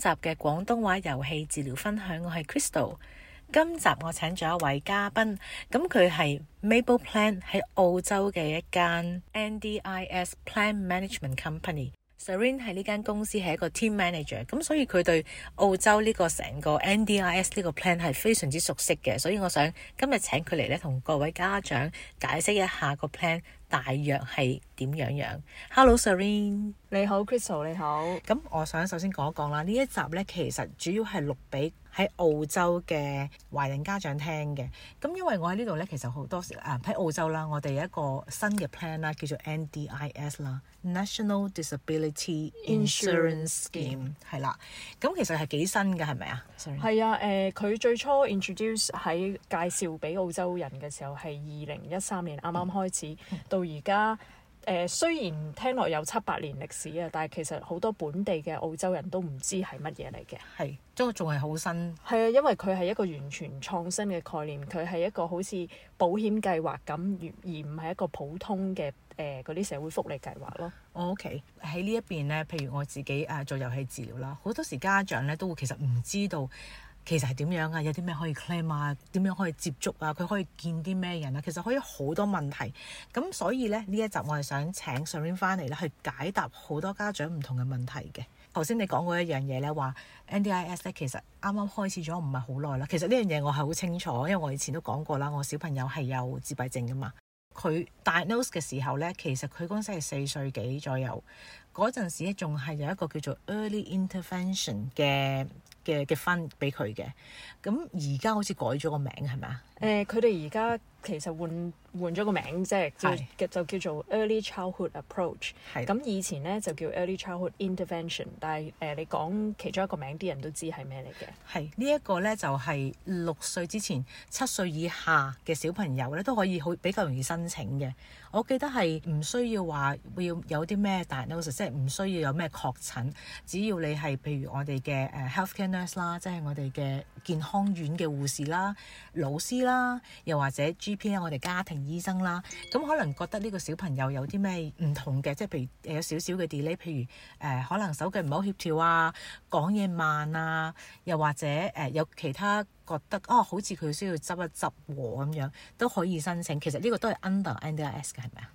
今集嘅廣東話遊戲治療分享，我係 Christal。今集我請咗一位嘉賓，咁佢係 Maple Plan，喺澳洲嘅一間 NDIS Plan Management Company。Serene 係呢間公司係一個 Team Manager，咁所以佢對澳洲呢個成個 NDIS 呢個 Plan 係非常之熟悉嘅，所以我想今日請佢嚟咧，同各位家長解釋一下個 Plan。大約係點樣樣？Hello，Serene，你好，Christal，你好。咁我想首先講一講啦，呢一集呢其實主要係錄俾，喺澳洲嘅華人家長聽嘅，咁因為我喺呢度呢，其實好多時喺、啊、澳洲啦，我哋有一個新嘅 plan 啦，叫做 NDIS 啦，National Disability Insurance Scheme 係啦，咁其實係幾新嘅，係咪啊？係、呃、啊，誒佢最初 introduce 喺介紹俾澳洲人嘅時候係二零一三年啱啱開始， 到而家。誒、呃、雖然聽落有七八年歷史啊，但係其實好多本地嘅澳洲人都唔知係乜嘢嚟嘅。係，都仲係好新。係啊，因為佢係一個完全創新嘅概念，佢係一個好似保險計劃咁，而而唔係一個普通嘅誒嗰啲社會福利計劃咯。我 OK 喺呢一邊呢，譬如我自己誒、呃、做遊戲治療啦，好多時家長呢都會其實唔知道。其實係點樣啊？有啲咩可以 claim 啊？點樣可以接觸啊？佢可以見啲咩人啊？其實可以好多問題，咁所以咧呢一集我係想請 Serene 翻嚟咧去解答好多家長唔同嘅問題嘅。頭先你講過一樣嘢咧，話 NDIS 咧其實啱啱開始咗唔係好耐啦。其實呢樣嘢我係好清楚，因為我以前都講過啦，我小朋友係有自閉症噶嘛。佢 diagnose 嘅時候呢，其實佢嗰時係四歲幾左右，嗰陣時仲係有一個叫做 early intervention 嘅嘅嘅 fund 俾佢嘅，咁而家好似改咗個名係咪啊？誒，佢哋而家。其實換換咗個名，即係的就叫做 Early Childhood Approach 的。咁以前呢，就叫 Early Childhood Intervention。但係誒，你講其中一個名，啲人都知係咩嚟嘅？係呢一個呢，就係、是、六歲之前、七歲以下嘅小朋友咧，都可以好比較容易申請嘅。我記得係唔需要話要有啲咩大 notes 即係唔需要有咩確診，只要你係譬如我哋嘅誒 healthcare nurse 啦，即係我哋嘅健康院嘅護士啦、老師啦，又或者 GP，啊我哋家庭醫生啦，咁可能覺得呢個小朋友有啲咩唔同嘅，即係譬如有少少嘅 delay，譬如誒、呃、可能手腳唔好協調啊，講嘢慢啊，又或者誒、呃、有其他。覺得哦，好似佢需要執一執喎咁樣都可以申請，其實呢個都係 under NDIS 嘅係咪啊？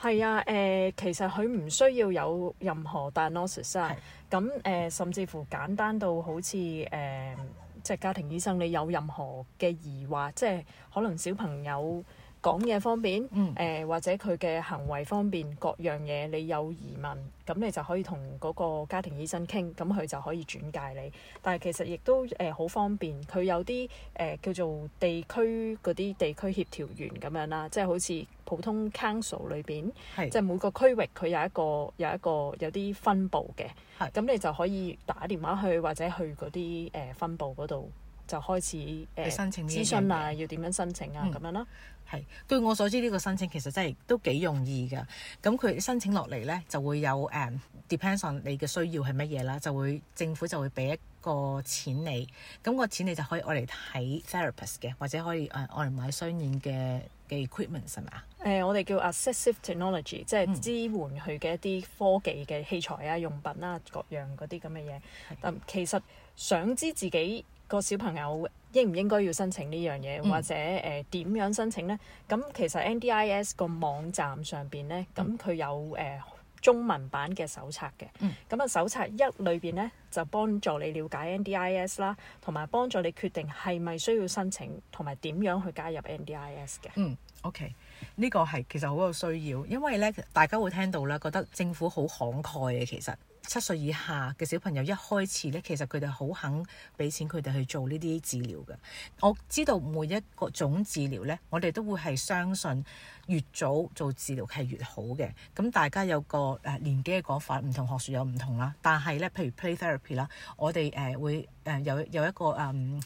係啊，誒，其實佢唔需要有任何 diagnosis 咁誒，甚至乎簡單到好似誒、呃，即係家庭醫生，你有任何嘅疑惑，即係可能小朋友講嘢方面，誒、呃、或者佢嘅行為方面各樣嘢，你有疑問，咁你就可以同嗰個家庭醫生傾，咁佢就可以轉介你。但係其實亦都誒好、呃、方便，佢有啲誒、呃、叫做地區嗰啲地區協調員咁樣啦，即係好似普通 council 裏邊，即係是每個區域佢有一個有一個有啲分部嘅，咁是你就可以打電話去或者去嗰啲誒分部嗰度就開始誒、呃、申請諮詢啊，要點樣申請啊咁、嗯、樣啦。係，據我所知呢個申請其實真係都幾容易㗎。咁佢申請落嚟咧就會有誒、uh，depends on 你嘅需要係乜嘢啦，就會政府就會俾一個錢你，咁個錢你就可以愛嚟睇 therapist 嘅，或者可以誒愛嚟買雙眼嘅嘅 equipment 係嘛？誒、呃，我哋叫 assistive technology，即係支援佢嘅一啲科技嘅器材啊、用品啦、啊、各樣嗰啲咁嘅嘢。的但其實想知自己個小朋友。應唔應該要申請呢樣嘢，嗯、或者誒點、呃、樣申請呢？咁其實 NDIS 個網站上邊呢，咁佢、嗯、有誒、呃、中文版嘅手冊嘅。咁啊、嗯，手冊一裏邊呢，就幫助你了解 NDIS 啦，同埋幫助你決定係咪需要申請，同埋點樣去加入 NDIS 嘅。嗯。OK，呢個係其實好有需要，因為呢，大家會聽到咧覺得政府好慷慨嘅，其實。七歲以下嘅小朋友一開始咧，其實佢哋好肯俾錢佢哋去做呢啲治療嘅。我知道每一個種治療咧，我哋都會係相信越早做治療係越好嘅。咁大家有個誒年紀嘅講法，唔同學術有唔同啦。但係咧，譬如 play therapy 啦，我哋誒會誒有有一個誒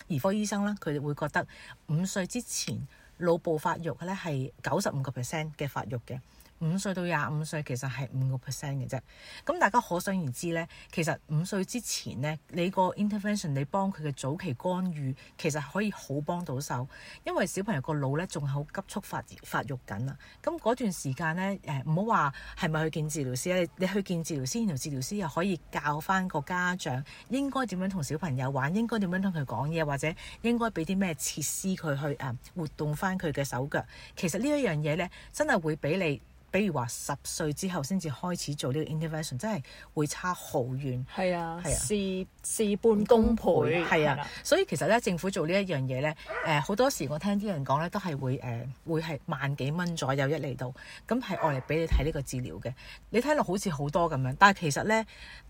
兒，um, 科醫生啦，佢哋會覺得五歲之前腦部發育咧係九十五個 percent 嘅發育嘅。五歲到廿五歲其實係五個 percent 嘅啫，咁大家可想而知呢，其實五歲之前呢，你個 intervention 你幫佢嘅早期干預，其實可以好幫到手，因為小朋友個腦咧仲係好急速發發育緊啦。咁嗰段時間呢，誒唔好話係咪去見治療師啊？你去見治療師，治療師又可以教翻個家長應該點樣同小朋友玩，應該點樣同佢講嘢，或者應該俾啲咩設施佢去誒活動翻佢嘅手腳。其實呢一樣嘢呢，真係會俾你。比如話十歲之後先至開始做呢個 intervention，真係會差好遠。係啊，事事半功倍。係啊，所以其實咧，政府做呢一樣嘢咧，誒、呃、好多時我聽啲人講咧，都係會誒、呃、會係萬幾蚊左右一嚟到，咁係愛嚟俾你睇呢個治療嘅。你睇落好似好多咁樣，但係其實呢，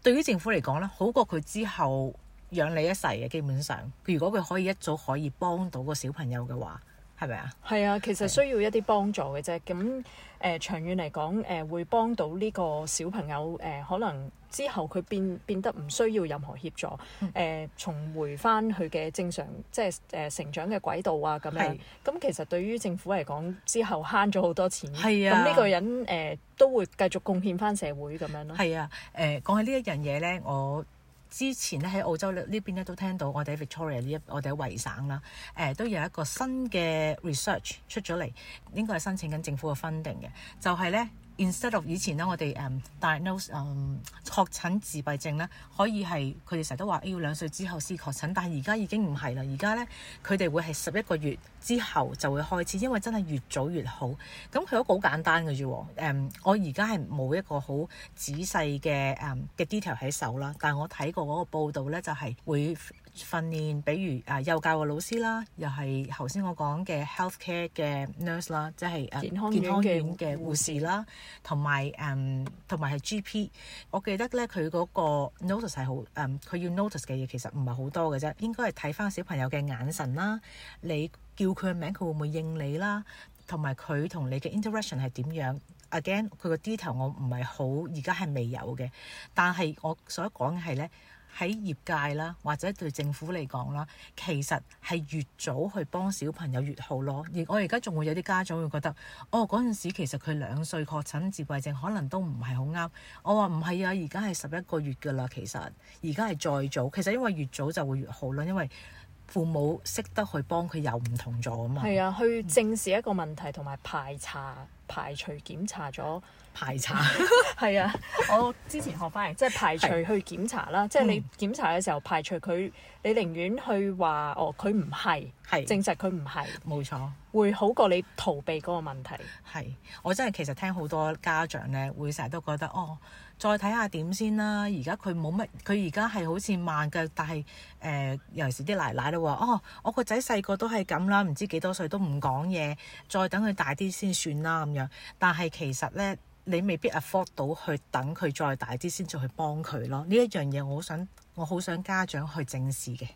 對於政府嚟講咧，好過佢之後養你一世嘅基本上。如果佢可以一早可以幫到個小朋友嘅話。係咪啊？係啊，其實需要一啲幫助嘅啫。咁誒、呃，長遠嚟講，誒、呃、會幫到呢個小朋友，誒、呃、可能之後佢變變得唔需要任何協助，誒、嗯呃、重回翻佢嘅正常，即係誒、呃、成長嘅軌道啊。咁樣咁是其實對於政府嚟講，之後慳咗好多錢。係啊，咁呢個人誒、呃、都會繼續貢獻翻社會咁樣咯。係啊，誒、呃、講起呢一樣嘢咧，我。之前咧，喺澳洲呢，呢邊都聽到，我哋喺 Victoria，我哋喺維省啦，誒都有一個新嘅 research 出咗嚟，應該係申請緊政府嘅 funding 嘅，就係呢。Instead of 以前咧，我哋誒、um, diagnose 誒、um, 確診自閉症咧，可以係佢哋成日都話、哎、要兩歲之後先確診，但係而家已經唔係啦。而家咧，佢哋會係十一個月之後就會開始，因為真係越早越好。咁佢都好簡單嘅啫。誒、嗯，我而家係冇一個好仔細嘅誒嘅 detail 喺手啦，但係我睇過嗰個報道咧，就係、是、會。訓練，比如啊幼、呃、教嘅老師啦，又係頭先我講嘅 healthcare 嘅 nurse 啦，即係健康健康院嘅護士啦，同埋誒同埋係 GP。我記得咧佢嗰個 notice 係好誒，佢、嗯、要 notice 嘅嘢其實唔係好多嘅啫，應該係睇翻小朋友嘅眼神啦，你叫佢嘅名佢會唔會應你啦，同埋佢同你嘅 interaction 係點樣？Again，佢個 detail 我唔係好，而家係未有嘅，但係我所講嘅係咧。喺業界啦，或者對政府嚟講啦，其實係越早去幫小朋友越好咯。而我而家仲會有啲家長會覺得，哦，嗰陣時其實佢兩歲確診自閉症，可能都唔係好啱。我話唔係啊，而家係十一個月㗎喇，其實而家係再早。其實因為越早就會越好啦，因為父母識得去幫佢，又唔同咗啊嘛。係啊，去正視一個問題同埋排查排除檢查咗。排查係啊！我之前學翻嚟，即係 排除去檢查啦。即係是你檢查嘅時候排除佢，你寧願去話哦，佢唔係，係是證實佢唔係，冇錯，會好過你逃避嗰個問題。係，我真係其實聽好多家長咧，會成日都覺得哦，再睇下點先啦。而家佢冇乜，佢而家係好似慢嘅，但係誒、呃，尤其是啲奶奶都話哦，我個仔細個都係咁啦，唔知幾多歲都唔講嘢，再等佢大啲先算啦咁樣。但係其實咧，你未必 afford 到去等佢再大啲先至去幫佢咯。呢一樣嘢我好想，我好想家長去正視嘅。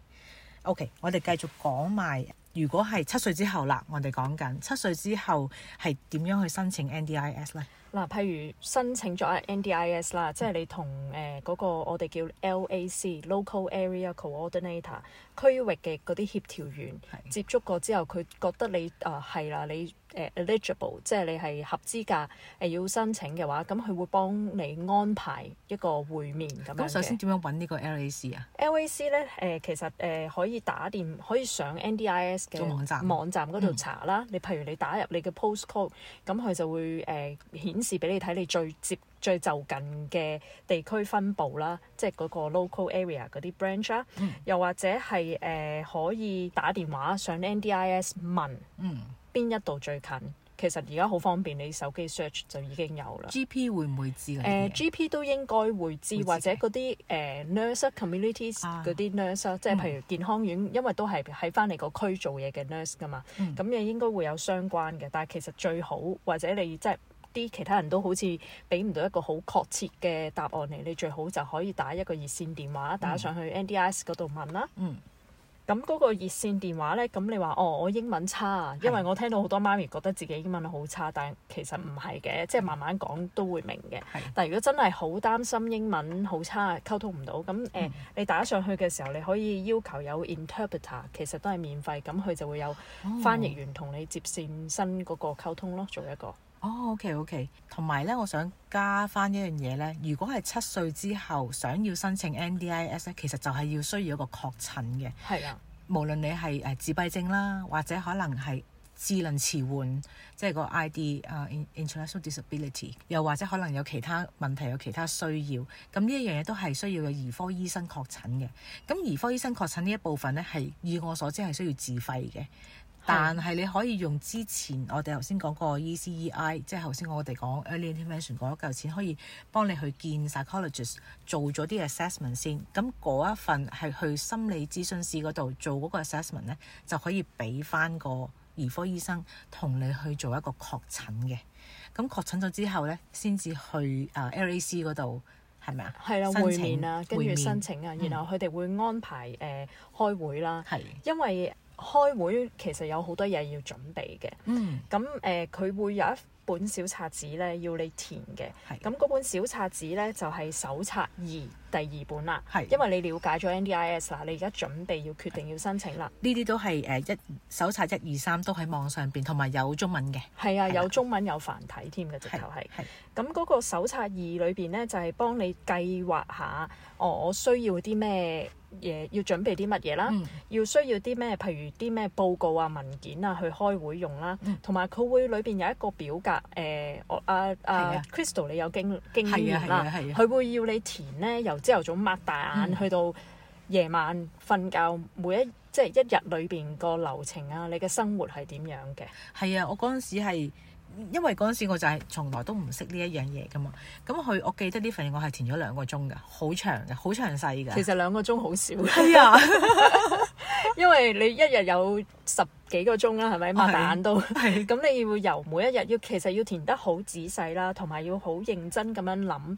OK，我哋繼續講埋，如果係七歲之後啦，我哋講緊七歲之後係點樣去申請 NDIS 咧？嗱，譬如申請咗 NDIS 啦，即係你同誒嗰個我哋叫 LAC（Local Area Coordinator） 區域嘅嗰啲協調員的接觸過之後，佢覺得你啊係啦，你。誒、er, eligible，即係你係合資格誒、呃，要申請嘅話，咁佢會幫你安排一個會面咁樣嘅。咁首先點樣揾呢個 L A C 啊？L A C 咧誒、呃，其實誒、呃、可以打電，可以上 N D I S 嘅網站網站嗰度查啦。嗯、你譬如你打入你嘅 post code，咁佢就會誒、呃、顯示俾你睇你最接最就近嘅地區分部啦，即係嗰個 local area 嗰啲 branch 啦。嗯、又或者係誒、呃、可以打電話上 N D I S 問。 嗯。邊一度最近？其實而家好方便，你手機 search 就已經有啦。G P 會唔會知、呃、？G P 都應該會知，會知或者嗰啲誒 nurse communities 嗰啲、啊、nurse，即係譬如健康院，嗯、因為都係喺翻嚟個區做嘢嘅 nurse 噶嘛、嗯，咁嘅應該會有相關嘅。但係其實最好，或者你即係啲其他人都好似俾唔到一個好確切嘅答案嚟，你最好就可以打一個熱線電話，打上去 N D I S 嗰度問啦。嗯。咁嗰個熱線電話呢，咁你話哦，我英文差，因為我聽到好多媽咪覺得自己英文好差，但其實唔係嘅，即係慢慢講都會明嘅。但係如果真係好擔心英文好差溝通唔到，咁誒、呃、你打上去嘅時候，你可以要求有 interpreter，其實都係免費，咁佢就會有翻譯員同你接線新嗰個溝通咯，做一個。哦，OK，OK，同埋咧，我想加翻一樣嘢咧。如果係七歲之後想要申請 NDIS 咧，其實就係要需要一個確診嘅。係啊，無論你係誒自閉症啦，或者可能係智能遲緩，即係個 ID 啊，uh, intellectual disability，又或者可能有其他問題，有其他需要，咁呢一樣嘢都係需要有兒科醫生確診嘅。咁兒科醫生確診呢一部分咧，係以我所知係需要自費嘅。但係你可以用之前我哋頭先講個 ECEI，即係頭先我哋講 early intervention，嗰嚿錢可以幫你去見 psychologist 做咗啲 assessment 先。咁嗰一份係去心理諮詢師嗰度做嗰個 assessment 咧，就可以俾翻個兒科醫生同你去做一個確診嘅。咁確診咗之後咧，先至去啊 LAC 嗰度，係、呃、咪啊？係啦，申請，啊、跟住申請啊，面然後佢哋會安排誒、呃、開會啦，的因為。開會其實有好多嘢要準備嘅，咁誒佢會有一本小冊子咧要你填嘅，咁嗰是本小冊子咧就係手冊二第二本啦，是因為你了解咗 NDIS 啦，你而家準備要決定要申請啦，呢啲都係誒、呃、一手冊一二三都喺網上邊，同埋有，有中文嘅，係啊，啊有中文有繁體添嘅直頭係，咁嗰是是個手冊二裏邊咧就係、是、幫你計劃下、哦、我需要啲咩。嘢要準備啲乜嘢啦？嗯、要需要啲咩？譬如啲咩報告啊、文件啊，去開會用啦。同埋佢會裏邊有一個表格，誒、呃，我啊啊，啊，Christal 你有經經驗啦。佢、啊啊啊、會要你填呢，由朝頭早擘大眼、嗯、去到夜晚瞓覺，每一即係、就是、一日裏邊個流程啊，你嘅生活係點樣嘅？係啊，我嗰陣時係。因為嗰陣時我就係從來都唔識呢一樣嘢噶嘛，咁佢我記得呢份我係填咗兩個鐘噶，好長嘅，好詳細㗎。其實兩個鐘好少。係啊，因為你一日有十幾個鐘啦，係咪嘛？蛋都係，咁 你要會由每一日要其實要填得好仔細啦，同埋要好認真咁樣諗。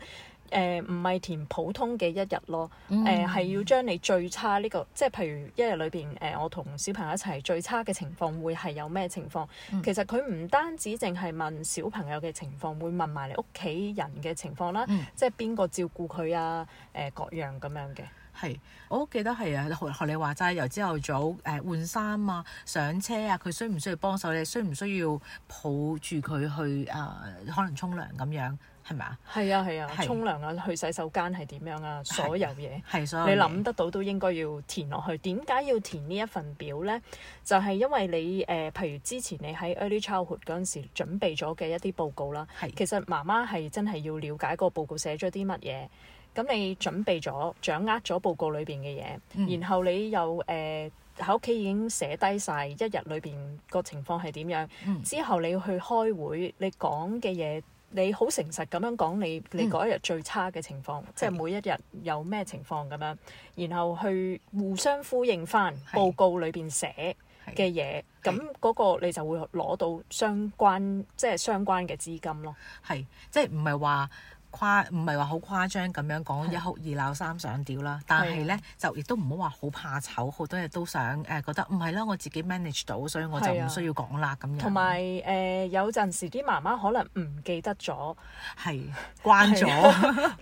誒唔係填普通嘅一日咯，誒、呃、係要將你最差呢個，即係譬如一日裏邊誒，我同小朋友一齊最差嘅情況會係有咩情況？嗯、其實佢唔單止淨係問小朋友嘅情況，會問埋你屋企人嘅情況啦，嗯、即係邊個照顧佢啊？誒、呃、各樣咁樣嘅。係，我都記得係啊！學學你話齋，由朝頭早誒、呃、換衫啊、上車啊，佢需唔需要幫手咧？需唔需要抱住佢去啊、呃？可能沖涼咁樣。係咪啊？係啊係啊，沖涼啊，去洗手間係點樣啊？所有嘢，係你諗得到都應該要填落去。點解要填呢一份表呢？就係、是、因為你誒、呃，譬如之前你喺 Early Childhood 陣陣時準備咗嘅一啲報告啦。是其實媽媽係真係要了解個報告寫咗啲乜嘢。咁你準備咗、掌握咗報告裏邊嘅嘢，嗯、然後你又誒喺屋企已經寫低晒一日裏邊個情況係點樣。嗯、之後你要去開會，你講嘅嘢。你好誠實咁樣講，你你嗰一日最差嘅情況，嗯、即係每一日有咩情況咁樣，是然後去互相呼應翻報告裏邊寫嘅嘢，咁嗰個你就會攞到相關即係相關嘅資金咯。係，即係唔係話。誇唔係話好誇張咁樣講一哭二鬧三上吊啦，但係呢，就亦都唔好話好怕醜，好多嘢都想誒、呃、覺得唔係啦，我自己 manage 到，所以我就唔需要講啦咁樣。同埋誒有陣、呃、時啲媽媽可能唔記得咗，係慣咗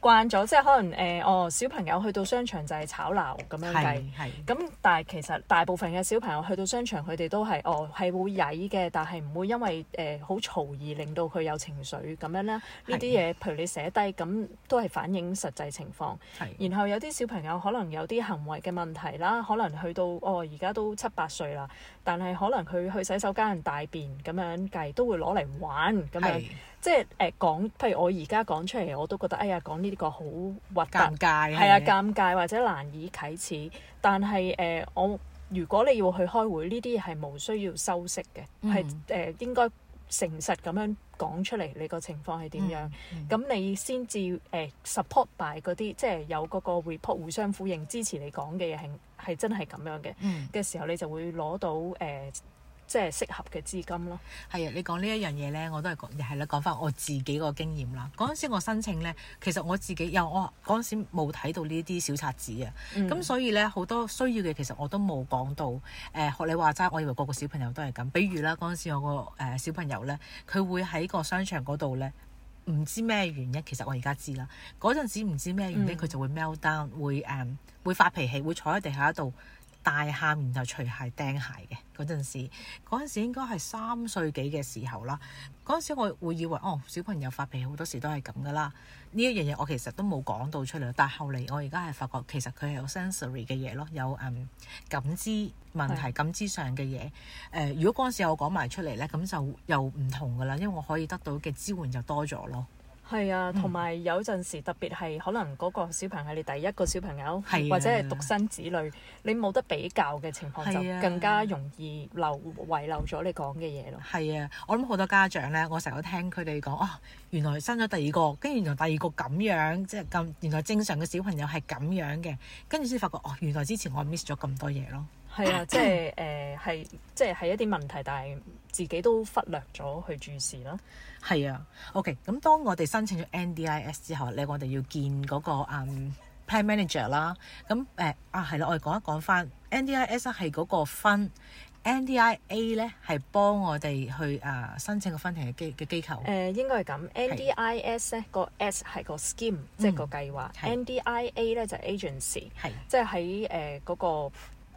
慣咗，即係可能誒、呃、哦小朋友去到商場就係吵鬧咁樣計，係咁，但係其實大部分嘅小朋友去到商場佢哋都係哦係會曳嘅，但係唔會因為誒、呃、好嘈而令到佢有情緒咁樣啦。呢啲嘢譬如你寫。但係咁都係反映實際情況。的然後有啲小朋友可能有啲行為嘅問題啦，可能去到哦而家都七八歲啦，但係可能佢去洗手間大便咁樣計，都會攞嚟玩咁樣。的即係誒講，譬如我而家講出嚟，我都覺得哎呀講呢啲個好核突，尷尬係啊，尷尬或者難以啟齒。但係誒、呃，我如果你要去開會，呢啲係無需要修飾嘅，係誒、嗯嗯呃、應該。誠實咁樣講出嚟，你個情況係點樣？咁、嗯嗯、你先至誒 support by 嗰啲，即係有嗰個 report 互相呼應，支持你講嘅嘢係係真係咁樣嘅嘅、嗯、時候，你就會攞到誒。Uh, 即係適合嘅資金咯。係啊，你講呢一樣嘢咧，我都係講係啦。講翻我自己個經驗啦。嗰陣時我申請咧，其實我自己又我嗰陣時冇睇到呢啲小冊子啊。咁、嗯、所以咧好多需要嘅，其實我都冇講到。誒、呃、學你話齋，我以為個個小，、呃、小朋友都係咁。比如啦，嗰陣時我個誒小朋友咧，佢會喺個商場嗰度咧，唔知咩原因。其實我而家知啦，嗰陣時唔知咩原因，佢、嗯、就會 meltdown，會誒、呃、會發脾氣，會坐喺地下度。大喊，然後除鞋掟鞋嘅嗰陣時，嗰陣時應該係三歲幾嘅時候啦。嗰陣時我會以為哦，小朋友發脾氣好多時都係咁噶啦。呢一樣嘢我其實都冇講到出嚟。但後嚟我而家係發覺，其實佢係有 sensory 嘅嘢咯，有、嗯、感知問題、感知上嘅嘢。誒是、呃，如果嗰陣時我講埋出嚟呢，咁就又唔同噶啦，因為我可以得到嘅支援就多咗咯。係啊，同埋有陣時特別係可能嗰個小朋友係你第一個小朋友，啊、或者係獨生子女，你冇得比較嘅情況，啊、就更加容易漏遺漏咗你講嘅嘢咯。係啊，我諗好多家長咧，我成日都聽佢哋講哦，原來生咗第二個，跟住原來第二個咁樣，即係咁原來正常嘅小朋友係咁樣嘅，跟住先發覺哦，原來之前我 miss 咗咁多嘢咯。係啊，即係誒係，即係係一啲問題，但係自己都忽略咗去注視啦。係啊，OK，咁當我哋申請咗 NDIS 之後咧，我哋要見嗰個 plan manager 啦。咁誒啊，係啦，我哋講一講翻 NDIS 係嗰個分，NDIA 咧係幫我哋去誒申請個分庭嘅機嘅機構。誒應該係咁，NDIS 咧個 S 係個 scheme，即係個計劃。NDIA 咧就 agency，即係喺誒嗰個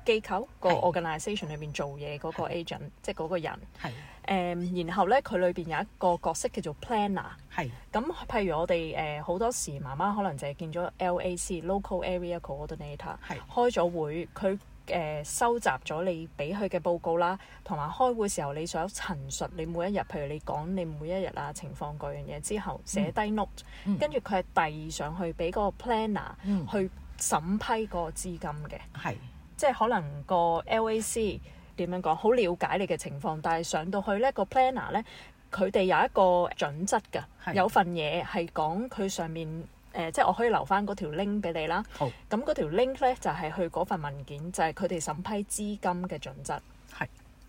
機構個 organization 裏邊做嘢嗰個 agent，即係嗰個人。係。誒、嗯，然後咧，佢裏邊有一個角色叫做 planner。係是。咁、嗯，譬如我哋誒好多時，媽媽可能就係見咗 LAC（local area coordinator） 是。係。開咗會，佢誒、呃、收集咗你俾佢嘅報告啦，同埋開會時候你想陳述你每一日，譬如你講你每一日啊情況嗰樣嘢之後，寫低 note，、嗯嗯、跟住佢係遞上去俾個 planner、嗯、去審批個資金嘅。係是。即係可能個 LAC。點樣講？好了解你嘅情況，但係上到去呢個 planner 呢，佢哋有一個準則㗎，的有份嘢係講佢上面誒、呃，即係我可以留翻嗰條 link 俾你啦。咁嗰、oh. 條 link 呢，就係、係、去嗰份文件，就係佢哋審批資金嘅準則。係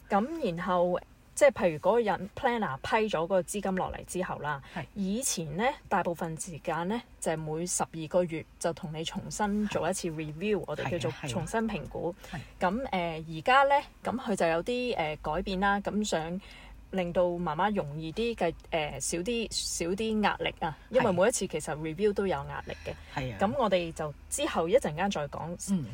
的，咁然後。即係譬如嗰個人 planner 批咗個資金落嚟之後啦，的以前呢，大部分時間呢，就係、是、每十二個月就同你重新做一次 review，的我哋叫做重新評估。咁誒而家呢，咁佢就有啲誒、呃、改變啦，咁想令到媽媽容易啲嘅，誒、呃、少啲少啲壓力啊，因為每一次其實 review 都有壓力嘅。咁我哋就之後一陣間再講。咁、嗯、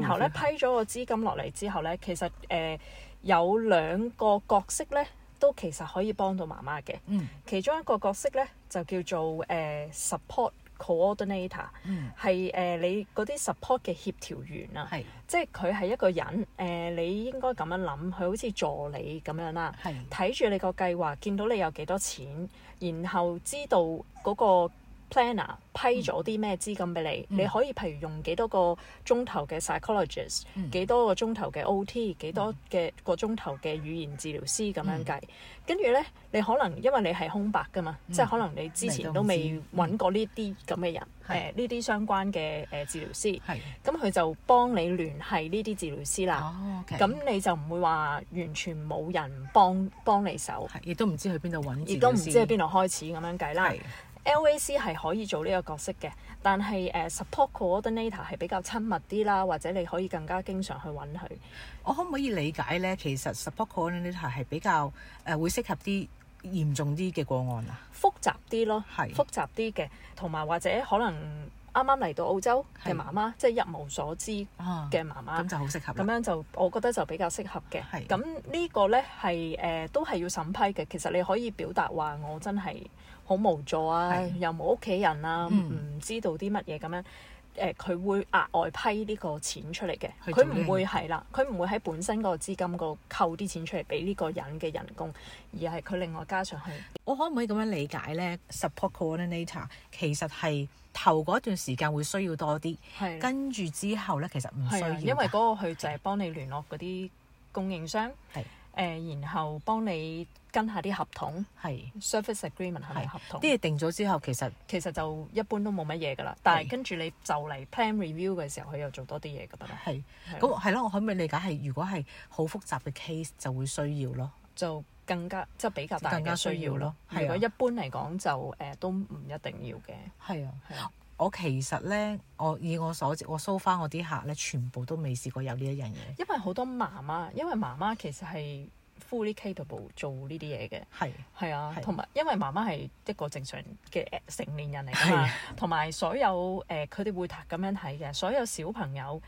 然後呢，批咗個資金落嚟之後呢，其實誒。呃有兩個角色咧，都其實可以幫到媽媽嘅。嗯、其中一個角色咧，就叫做誒、呃、support coordinator，係誒、嗯呃、你嗰啲 support 嘅協調員啊。是即係佢係一個人，誒、呃、你應該咁樣諗，佢好似助理咁樣啦、啊，睇住是你個計劃，見到你有幾多錢，然後知道嗰、嗰個。Planner 批咗啲咩資金俾你，你可以譬如用幾多個鐘頭嘅 psychologist，幾多個鐘頭嘅 OT，幾多嘅個鐘頭嘅語言治療師咁樣計。跟住呢，你可能因為你係空白噶嘛，即係可能你之前都未揾過呢啲咁嘅人，誒呢啲相關嘅誒治療師。係，咁佢就幫你聯繫呢啲治療師啦。哦，咁你就唔會話完全冇人幫幫你手，亦都唔知去邊度揾，亦都唔知喺邊度開始咁樣計啦。L.A.C. 係可以做呢個角色嘅，但係誒、呃、support coordinator 係比較親密啲啦，或者你可以更加經常去揾佢。我可唔可以理解咧？其實 support coordinator 係比較誒、呃、會適合啲嚴重啲嘅個案啊，複雜啲咯，係是複雜啲嘅，同埋或者可能啱啱嚟到澳洲嘅媽媽，是即係一無所知嘅媽媽，咁、啊、就好適合。咁樣就我覺得就比較適合嘅。咁是呢個咧係誒都係要審批嘅。其實你可以表達話我真係。好無助啊，的又冇屋企人啊，唔、嗯、知道啲乜嘢咁樣。誒、呃，佢會額外批呢個錢出嚟嘅，佢唔會係啦，佢唔會喺本身個資金度扣啲錢出嚟俾呢個人嘅人工，而係佢另外加上去。我可唔可以咁樣理解呢？Support Coordinator 其實係頭嗰段時間會需要多啲，跟住的之後呢其實唔需要，因為嗰個佢就係幫你聯絡嗰啲供應商。誒、呃，然後幫你跟下啲合，是合同 service agreement 係咪合同？啲嘢定咗之後，其實其實就一般都冇乜嘢噶啦。是但係跟住你就嚟 plan review 嘅時候，佢又做多啲嘢噶嘛。係是，咁係咯。我可唔可以理解係，如果係好複雜嘅 case 就會需要咯，就更加即係比較大更加需要咯。啊、如果一般嚟講就誒、呃、都唔一定要嘅。啊，係啊。我其實咧，我以我所知，我搜翻我啲客咧，全部都未試過有呢一樣嘢。因為好多媽媽，因為媽媽其實係 fully capable 做呢啲嘢嘅，係係是啊，同埋是因為媽媽係一個正常嘅成年人嚟噶嘛，同埋是所有誒佢哋會咁樣睇嘅，所有小朋友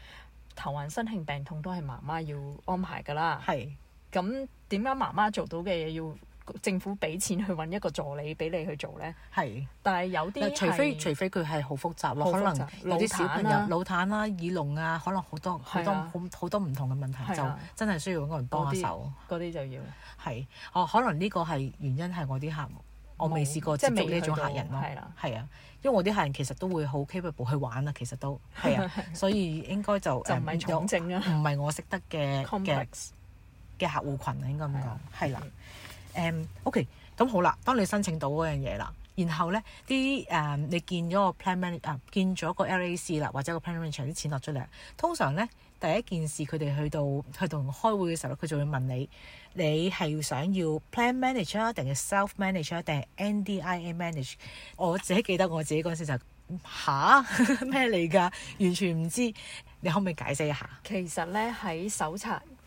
頭暈身興病痛都係媽媽要安排噶啦。係咁點樣媽媽做到嘅嘢要？政府俾錢去揾一個助理俾你去做咧，係。但係有啲，除非除非佢係好複雜咯，可能有啲小朋友腦癱啦，耳聾啊，可能好多好多好多唔同嘅問題，就真係需要揾個人幫手。嗰啲就要。係，哦，可能呢個係原因係我啲客我未試過接觸呢種客人咯。係啊，因為我啲客人其實都會好 capable 去玩啊，其實都係啊，所以應該就唔係重症啊，就唔係我識得嘅嘅客戶群啊，應該咁講係啦。誒、um,，OK，咁好啦。當你申請到嗰樣嘢啦，然後咧啲誒，你見咗個 plan manager，誒、啊、見咗個 LAC 啦，或者個 plan manager 啲錢落出嚟，通常咧第一件事佢哋去到去同開會嘅時候佢就會問你，你係想要 plan manager 定係 self manager 定係 NDIA manage？我自己記得我自己嗰陣時就嚇咩嚟㗎，完全唔知。你可唔可以解釋一下？其實咧喺手冊。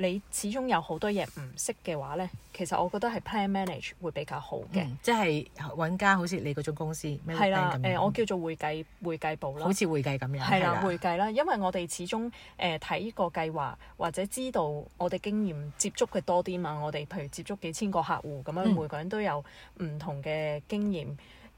你始終有好多嘢唔識嘅話呢，其實我覺得係 plan manage 會比較好嘅、嗯。即係揾間好似你嗰種公司，咩 plan 咁？係啦，誒，我叫做會計會計部啦。好似會計咁樣。係啦，會計啦，因為我哋始終睇、呃、個計劃或者知道我哋經驗接觸嘅多啲嘛。我哋譬如接觸幾千個客戶咁樣，每個人都有唔同嘅經驗，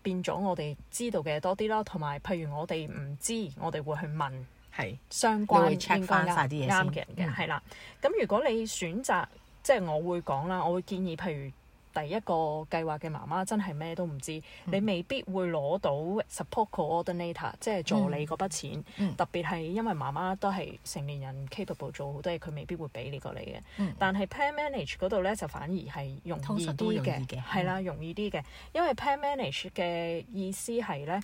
變咗我哋知道嘅多啲啦。同埋譬如我哋唔知，我哋會去問。係相關應該啦啱嘅人嘅，係啦、嗯。咁如果你選擇，即、就、係、是、我會講啦，我會建議，譬如第一個計劃嘅媽媽真係咩都唔知，嗯、你未必會攞到 support coordinator，即係助理嗰筆錢。嗯嗯、特別係因為媽媽都係成年人，capable 做好多嘢，佢未必會俾你個你嘅。嗯、但係 plan manage 嗰度咧，就反而係容易啲嘅，係啦，容易啲嘅、嗯，因為 plan manage 嘅意思係咧。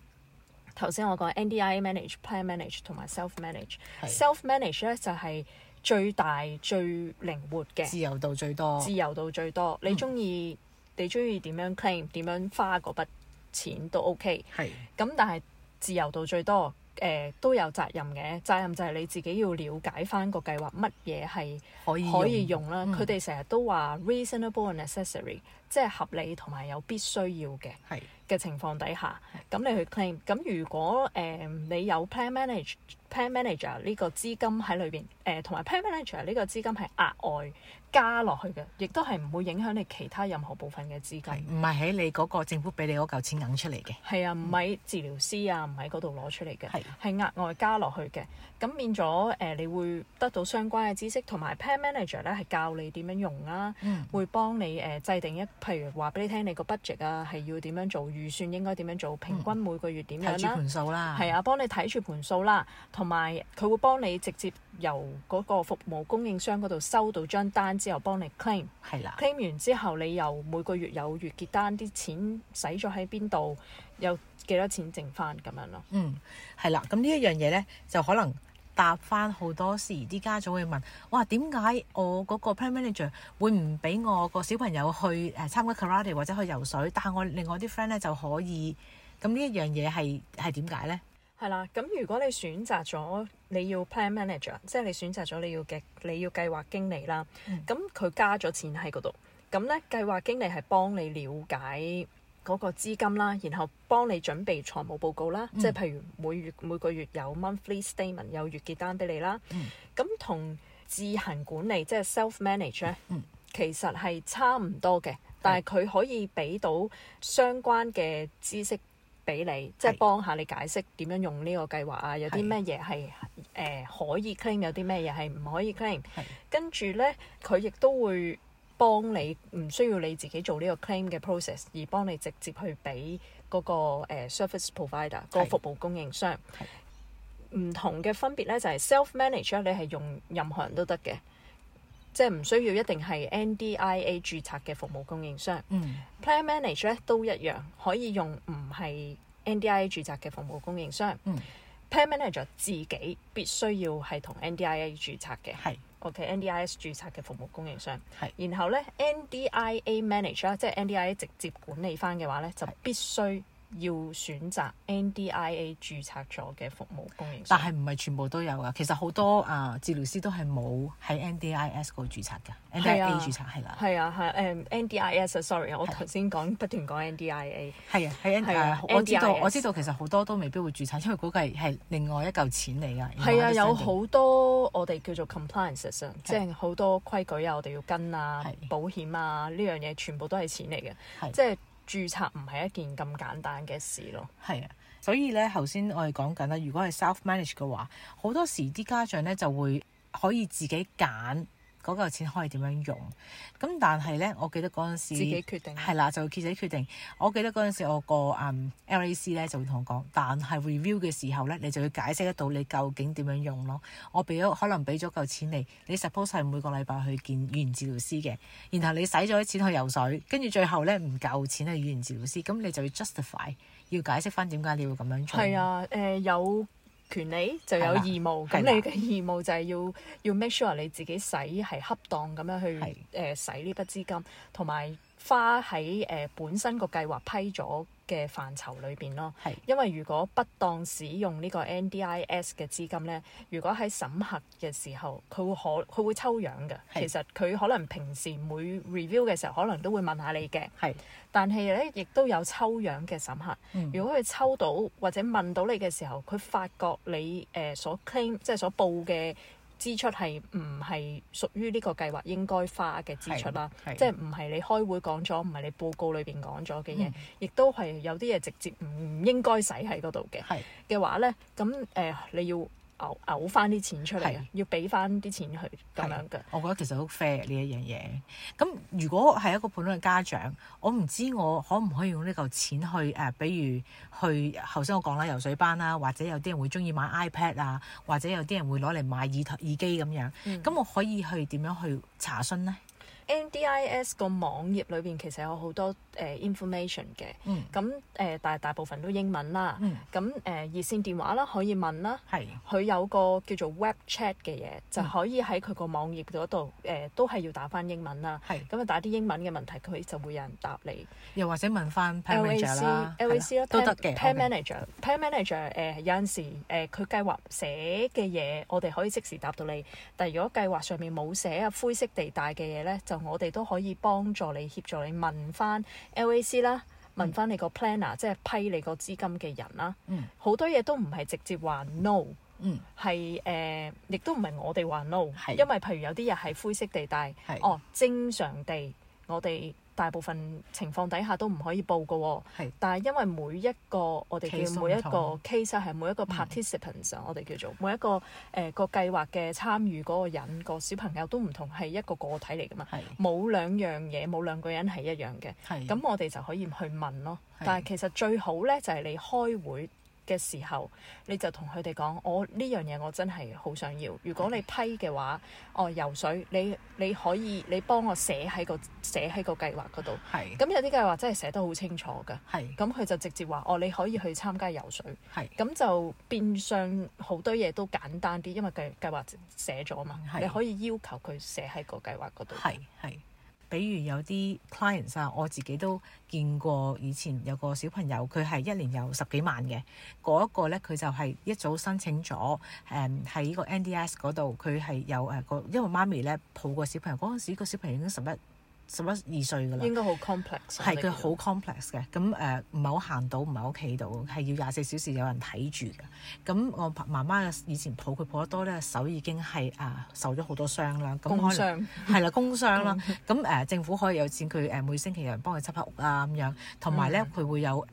頭先我講 NDIA manage, plan manage 同埋 self manage。的 self manage 咧就係、是、最大最靈活嘅，自由度最多。自由度最多，嗯、你中意你中意點樣 claim，點樣花嗰筆錢都 OK。係咁的，但係自由度最多，誒、呃、都有責任嘅。責任就係你自己要了解翻個計劃乜嘢係可以可以用啦。佢哋成日都話 reasonable and necessary，即係合理同埋有必須要嘅。係。嘅情況底下，咁你去 claim。咁如果誒、呃、你有 plan manage plan manager 呢個資金喺裏邊，誒同埋 plan manager 呢個資金係額外加落去嘅，亦都係唔會影響你其他任何部分嘅資金。唔係喺你嗰個政府俾你嗰嚿錢揈出嚟嘅。係啊，唔係治療師啊，唔喺嗰度攞出嚟嘅，係、嗯、額外加落去嘅。咁變咗誒、呃，你會得到相關嘅知識，同埋 plan manager 咧係教你點樣用啦、啊，嗯、會幫你誒、呃、制定一，譬如話俾你聽你、啊，你個 budget 啊係要點樣做。預算應該點樣做？平均每個月點樣咧？睇住盤數啦。嗯，係啊，幫你睇住盤數啦，同埋佢會幫你直接由嗰個服務供應商嗰度收到張單之後幫你 claim 係啦的，claim 完之後你又每個月有月結單，啲錢使咗喺邊度，有幾多錢剩翻咁樣咯。嗯，係啦，咁呢一樣嘢呢，就可能。搭翻好多時，啲家長會問：哇，點解我嗰個 plan manager 會唔俾我個小朋友去誒參加 karate 或者去游水？但係我另外啲 friend 咧就可以，咁呢一樣嘢係係點解咧？係啦，咁如果你選擇咗你要 plan manager，即係你選擇咗你要嘅你要計劃經理啦。咁佢、嗯、加咗錢喺嗰度，咁咧計劃經理係幫你了解。嗰個資金啦，然後幫你準備財務報告啦，嗯、即係譬如每月每個月有 monthly statement 有月結單俾你啦。咁同、嗯、自行管理即係 self manage 咧，man age, 嗯、其實係差唔多嘅，嗯、但係佢可以俾到相關嘅知識俾你，即係是幫下你解釋點樣用呢個計劃啊，有啲咩嘢係誒可以 claim，有啲咩嘢係唔可以 claim 是跟住咧，佢亦都會。幫你唔需要你自己做呢個 claim 嘅 process，而幫你直接去俾嗰個 service provider 嗰個服務供應商。唔同嘅分別咧就係、是、self manager 你係用任何人都得嘅，即係唔需要一定係 NDIA 註冊嘅服務供應商。嗯、plan manager 咧都一樣可以用唔係 NDIA 註冊嘅服務供應商。嗯、plan manager 自己必須要係同 NDIA 註冊嘅。係。我哋係 NDIS 註冊嘅服務供應商是然後咧 NDIA manage 啦，manager，即係 NDIA 直接管理翻嘅話咧，是就必須。要選擇 NDIA 註冊咗嘅服務供應商，但係唔係全部都有噶。其實好多啊治療師都係冇喺 NDIS 嗰度註冊噶，NDIA 註冊係啦。係啊，係誒 NDIS 啊，sorry 啊，我頭先講不斷講 NDIA。係啊，係 NDIS 我知道我知道，其實好多都未必會註冊，因為嗰個係另外一嚿錢嚟噶。係啊，有好多我哋叫做 compliances 即係好多規矩啊，我哋要跟啊，保險啊呢樣嘢全部都係錢嚟嘅，即係。註冊唔係一件咁簡單嘅事咯，係啊，所以咧，頭先我哋講緊啦，如果係 self manage 嘅話，好多時啲家長咧就會可以自己揀，嗰嚿錢可以點樣用？咁但係咧，我記得嗰陣時自己決定係啦，就自己決定。我記得嗰陣時我，我個、um, 嗯 LAC 咧就會同我講，但係 review 嘅時候咧，你就要解釋得到你究竟點樣用咯。我俾咗可能俾咗嚿錢你，你 suppose 係每個禮拜去見語言治療師嘅，然後你使咗啲錢去游水，跟住最後咧唔夠錢去語言治療師，咁你就要 justify 要解釋返點解你會咁樣做。係啊，誒、呃、有。權利就有義務，咁嗎你嘅義務就係要嗎要 make sure 你自己使係恰當咁樣去誒使呢筆資金，同埋。花喺誒、呃、本身個計劃批咗嘅範疇裏邊咯，係是因為如果不當使用呢個 NDIS 嘅資金咧，如果喺審核嘅時候，佢會可佢會抽樣嘅，是其實佢可能平時每 review 嘅時候，可能都會問下你嘅，係是，但係咧亦都有抽樣嘅審核，嗯、如果佢抽到或者問到你嘅時候，佢發覺你誒、呃、所 claim 即係所報嘅。支出係唔係屬於呢個計劃應該花嘅支出啦，即係唔係你開會講咗，唔係你報告裏邊講咗嘅嘢，亦都係有啲嘢直接唔應該使喺嗰度嘅。嘅話呢，咁誒、呃、你要。嘔嘔翻啲錢出嚟，是要俾翻啲錢去。咁是樣嘅。我覺得其實好 fair 呢一樣嘢。咁如果係一個普通嘅家長，我唔知我可唔可以用呢嚿錢去誒、呃，比如去頭先我講啦，游水班啦，或者有啲人會中意買 iPad 啊，或者有啲人會攞嚟買,、啊、買耳耳機咁樣。咁、嗯、我可以去點樣去查詢咧？NDIS 個網頁裏邊其實有好多誒、uh, information 嘅、嗯，咁誒但係大部分都英文啦，咁誒熱線電話啦可以問啦，係、嗯，佢有個叫做 web chat 嘅嘢，嗯、就可以喺佢個網頁度誒都係要打翻英文啦，係、嗯，咁啊打啲英文嘅問題佢就會有人答你，又或者問翻 plan manager 啦，LAC 啦都得嘅 plan manager okay. plan manager 誒、呃、有陣時誒佢計劃寫嘅嘢，我哋可以即時答到你，但係如果計劃上面冇寫啊灰色地帶嘅嘢咧就。我哋都可以幫助你協助你問翻 LAC 啦，問翻你個 planner，、mm. 即係批你個資金嘅人啦。好、mm. 多嘢都唔係直接話 no，係誒、mm. 呃，亦都唔係我哋話 no，的因為譬如有啲嘢係灰色地帶，但的哦正常地，我哋。大部分情況底下都唔可以報嘅喎、哦，是但係因為每一個我哋叫每一個 case 係每一個 participants、嗯、我哋叫做每一個誒、呃、個計劃嘅參與嗰個人、個小朋友都唔同，係一個個體嚟㗎嘛，冇是兩樣嘢，冇兩個人係一樣嘅，咁是我哋就可以去問咯。是但係其實最好呢，就係、是、你開會，嘅時候，你就同佢哋講，我呢樣嘢我真係好想要。如果你批嘅話，哦，游水，你你可以，你幫我寫喺個寫喺個計劃嗰度。係是。咁有啲計劃真係寫得好清楚㗎。係是。咁佢就直接話，哦，你可以去參加游水。係是。咁就變相好多嘢都簡單啲，因為計計劃寫咗啊嘛。是你可以要求佢寫喺個計劃嗰度。係係。比如有啲 clients 啊，我自己都見過以前有個小朋友，佢係一年有十幾萬嘅，嗰、那、一個咧佢就係一早申請咗，誒、嗯，喺個 NDIS 度，佢係有誒個，因為媽咪咧抱個小朋友嗰陣時，那個小朋友已經十一。十一二歲噶啦，應該好 complex 的。係佢好 complex 嘅，咁誒唔係好行到，唔係好企到，係要廿四小時有人睇住嘅。咁我媽媽以前抱佢抱得多咧，手已經係啊、呃、受咗好多傷商 啦。咁可能係啦，工傷啦。咁誒政府可以有錢，佢誒每星期有人幫佢執下屋啊咁樣，同埋咧佢會有。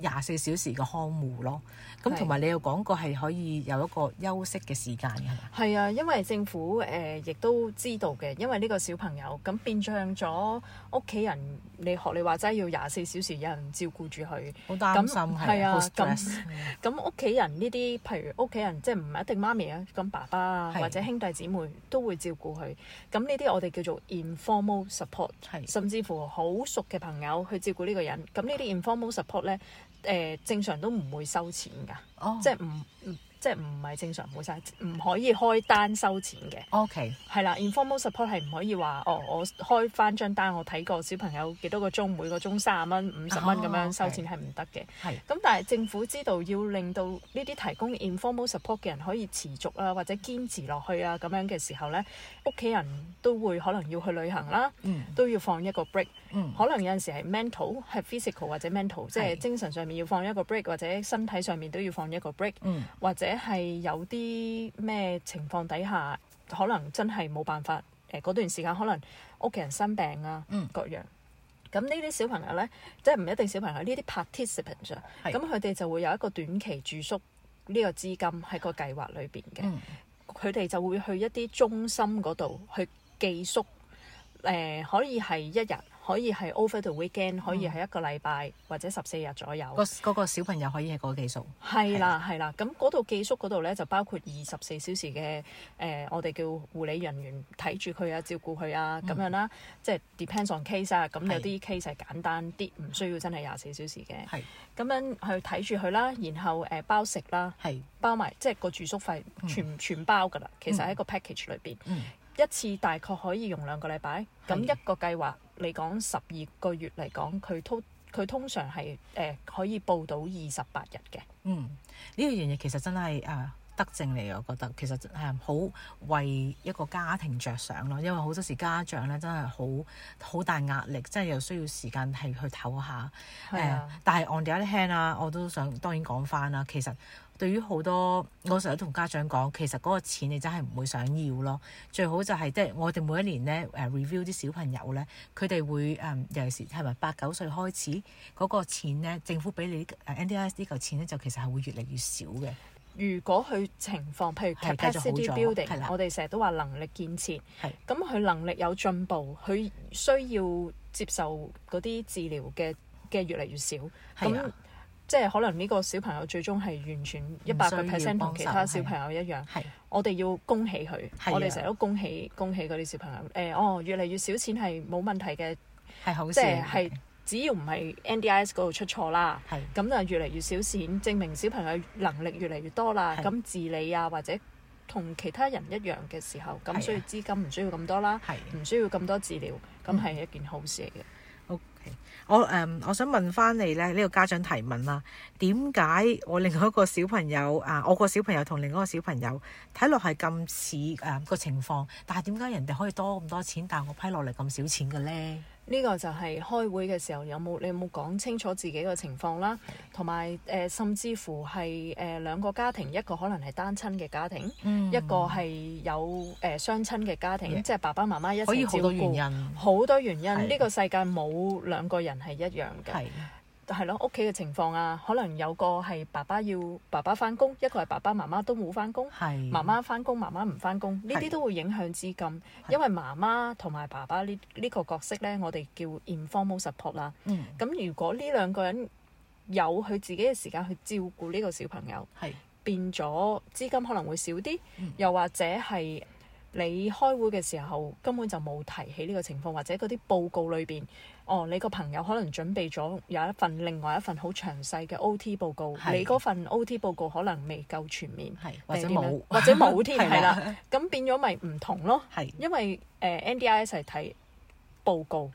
廿四小時嘅看護咯，咁同埋你有講過係可以有一個休息嘅時間㗎嘛？係啊，因為政府誒亦都知道嘅，因為呢個小朋友咁變相咗屋企人，你學你話齋要廿四小時有人照顧住佢，好擔心係啊，咁咁屋企人呢啲，譬如屋企人即係唔係一定媽咪啊，咁爸爸啊或者兄弟姊妹都會照顧佢，咁呢啲我哋叫做 informal support，甚至乎好熟嘅朋友去照顧呢個人，咁呢啲 informal support 咧。誒、呃、正常都唔會收錢㗎、oh.，即係唔即係唔係正常冇晒，唔可以開單收錢嘅。O Okay . K，係啦，informal support 係唔可以話哦，我開翻張單，我睇過小朋友幾多個鐘，每個鐘三十蚊、五十蚊咁樣收錢係唔得嘅。係，咁但係政府知道要令到呢啲提供 informal support 嘅人可以持續啊，或者堅持落去啊咁樣嘅時候咧，屋企人都會可能要去旅行啦，mm. 都要放一個 break。可能有陣時係 mental 係 physical 或者 mental，是即係精神上面要放一個 break，或者身體上面都要放一個 break，、嗯、或者係有啲咩情況底下，可能真係冇辦法。誒、呃、嗰段時間可能屋企人生病啊，嗯、各樣。咁呢啲小朋友咧，即係唔一定小朋友呢啲 participant 咁佢哋是就會有一個短期住宿呢個資金喺個計劃裏邊嘅。佢哋、嗯、就會去一啲中心度去寄宿，誒、呃、可以係一日。可以係 over the weekend，可以係一個禮拜或者十四日左右。個個小朋友可以係個寄宿係啦，係啦。咁嗰度寄宿嗰度咧就包括二十四小時嘅誒，我哋叫護理人員睇住佢啊，照顧佢啊，咁樣啦。即係 depends on case 啊，咁有啲 case 係簡單啲，唔需要真係廿四小時嘅。係咁樣去睇住佢啦，然後誒包食啦，係包埋即係個住宿費全全包㗎啦。其實喺個 package 裏邊一次大概可以用兩個禮拜咁一個計劃。嚟講十二個月嚟講，佢通佢通常係誒、呃、可以報到二十八日嘅。嗯，呢樣嘢其實真係誒、呃、得正嚟，我覺得其實係好為一個家庭着想咯。因為好多時家長咧真係好好大壓力，即係又需要時間係去唞下。係，但係 on the other hand 啊，呃、hand，我都想當然講翻啦。其實。對於好多，我成日同家長講，其實嗰個錢你真係唔會想要咯。最好就係、是、即係我哋每一年咧誒 review 啲小朋友咧，佢哋會誒、呃、尤其是係咪八九歲開始嗰、那個錢咧，政府俾你、這個、NDIS 呢嚿錢咧就其實係會越嚟越少嘅。如果佢情況譬如其 a p 我哋成日都話能力建設，咁佢的能力有進步，佢需要接受嗰啲治療嘅嘅越嚟越少咁。即係可能呢個小朋友最終係完全一百個 percent 同其他小朋友一樣。的我哋要恭喜佢。的我哋成日都恭喜恭喜嗰啲小朋友。誒、欸，哦，越嚟越少錢係冇問題嘅，即係是的只要唔係 NDIS 嗰度出錯啦。係的。咁就越嚟越少錢，證明小朋友能力越嚟越多啦。咁的自理啊，或者同其他人一樣嘅時候，咁所以資金唔需要咁多啦。唔的的需要咁多治療，咁係一件好事嚟嘅。嗯我，嗯、我想問返你呢、呢個家長提問啦，點解我另外一個小朋友啊，我個小朋友同另外一個小朋友睇落係咁似，誒個情況，但係點解人哋可以多咁多錢，但我批落嚟咁少錢嘅呢？呢個就係開會嘅時候有冇，你有冇講清楚自己嘅情況啦，同埋誒甚至乎係誒、呃、兩個家庭，一個可能係單親嘅家庭，嗯、一個係有誒、呃、雙親嘅家庭，嗯、即係爸爸媽媽一齊照顧。好多原因，好多原因，呢的個世界冇兩個人係一樣嘅。的係咯，屋企嘅情況啊，可能有個係爸爸要爸爸返工，一個係爸爸媽媽都冇返工，媽媽返工，媽媽唔返工，呢啲都會影響資金，的因為媽媽同埋爸爸呢呢個角色呢，我哋叫 informal support 啦。咁、嗯、如果呢兩個人有佢自己嘅時間去照顧呢個小朋友，係，的變咗資金可能會少啲，嗯、又或者係你開會嘅時候根本就冇提起呢個情況，或者嗰啲報告裏邊。哦，你個朋友可能準備咗有一份另外一份好詳細嘅 OT 報告，你嗰份 OT 報告可能未夠全面，或者冇，或者冇添，係啦，咁變咗咪唔同咯。係，因為誒 NDIS 係睇報告，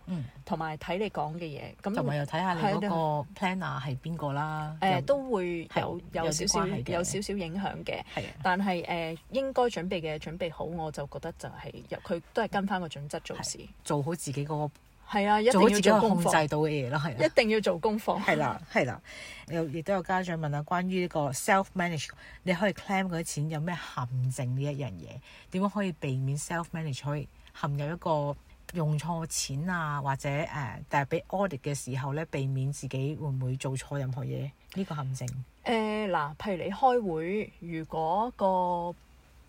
同埋睇你講嘅嘢，咁同埋又睇下你嗰個 planner 係邊個啦。誒都會有有少少有少少影響嘅，係。但係誒應該準備嘅準備好，我就覺得就係由佢都係跟翻個準則做事，做好自己嗰個。係啊，一定要自己控制到嘅嘢囉。一定要做功課。係啦、 啊，係啦、啊。又亦都有家長問下、啊、關於呢個 self management 你可以 claim 嗰啲錢有咩陷阱呢一樣嘢？點樣可以避免 self management 可以陷入一個用錯錢啊，或者誒，uh, 但係俾 audit 嘅時候咧，避免自己會唔會做錯任何嘢呢個陷阱？誒嗱、呃，譬如你開會，如果個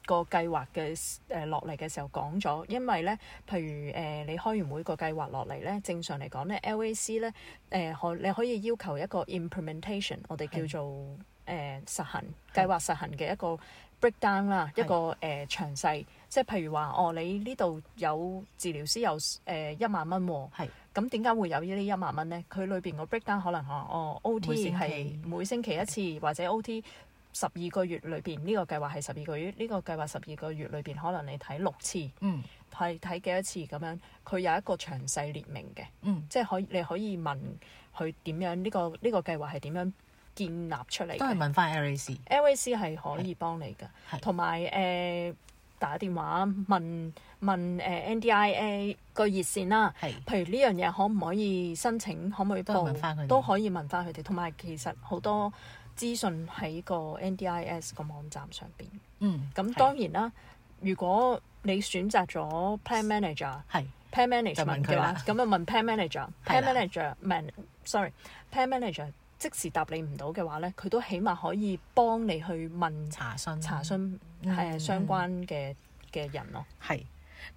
個計劃嘅誒落嚟嘅時候講咗，因為咧，譬如誒、呃、你開完會個計劃落嚟咧，正常嚟講咧，LAC 咧誒可你可以要求一個 implementation，是我哋叫做誒、呃、實行計劃實行嘅一個 breakdown 啦是，一個誒、呃、詳細，即係譬如話哦，你呢度有治療師有誒一萬蚊喎，係咁點解會有呢啲一萬蚊咧？佢裏邊個 breakdown 可能話哦，OT 係每，每星期一次對或者 OT。十二個月裏邊呢個計劃係十二個月，呢、這個計劃十二個月裏邊可能你睇六次，係睇、嗯、幾多次咁樣，佢有一個詳細列明嘅，嗯、即係可你可以問佢點樣呢、這個呢、這個計劃係點樣建立出嚟。都係問翻 LAC，LAC 係可以幫你㗎，同埋誒打電話問問誒、呃、NDIA 個熱線啦、啊。係是，譬如呢樣嘢可唔可以申請，可唔可以報？都可以問翻佢哋，同埋其實好多。資訊喺個 NDIS 個網站上邊。嗯，咁當然啦，係，如果你選擇咗 Plan Manager，係 Plan Manager 嘅話，咁啊問 Plan Manager，Plan Manager man sorry，Plan Manager 即時答你唔到嘅話咧，佢都起碼可以幫你去問查詢、查詢誒、呃嗯、相關嘅嘅人咯。係，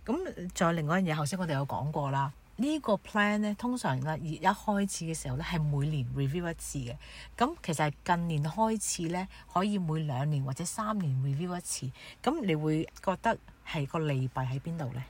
咁再另外一樣嘢，頭先我哋有講過啦。個呢個 plan 咧，通常嘅而一開始嘅時候咧，係每年 review 一次嘅。咁其實近年開始咧，可以每兩年或者三年 review 一次。咁你會覺得係個利弊喺邊度咧？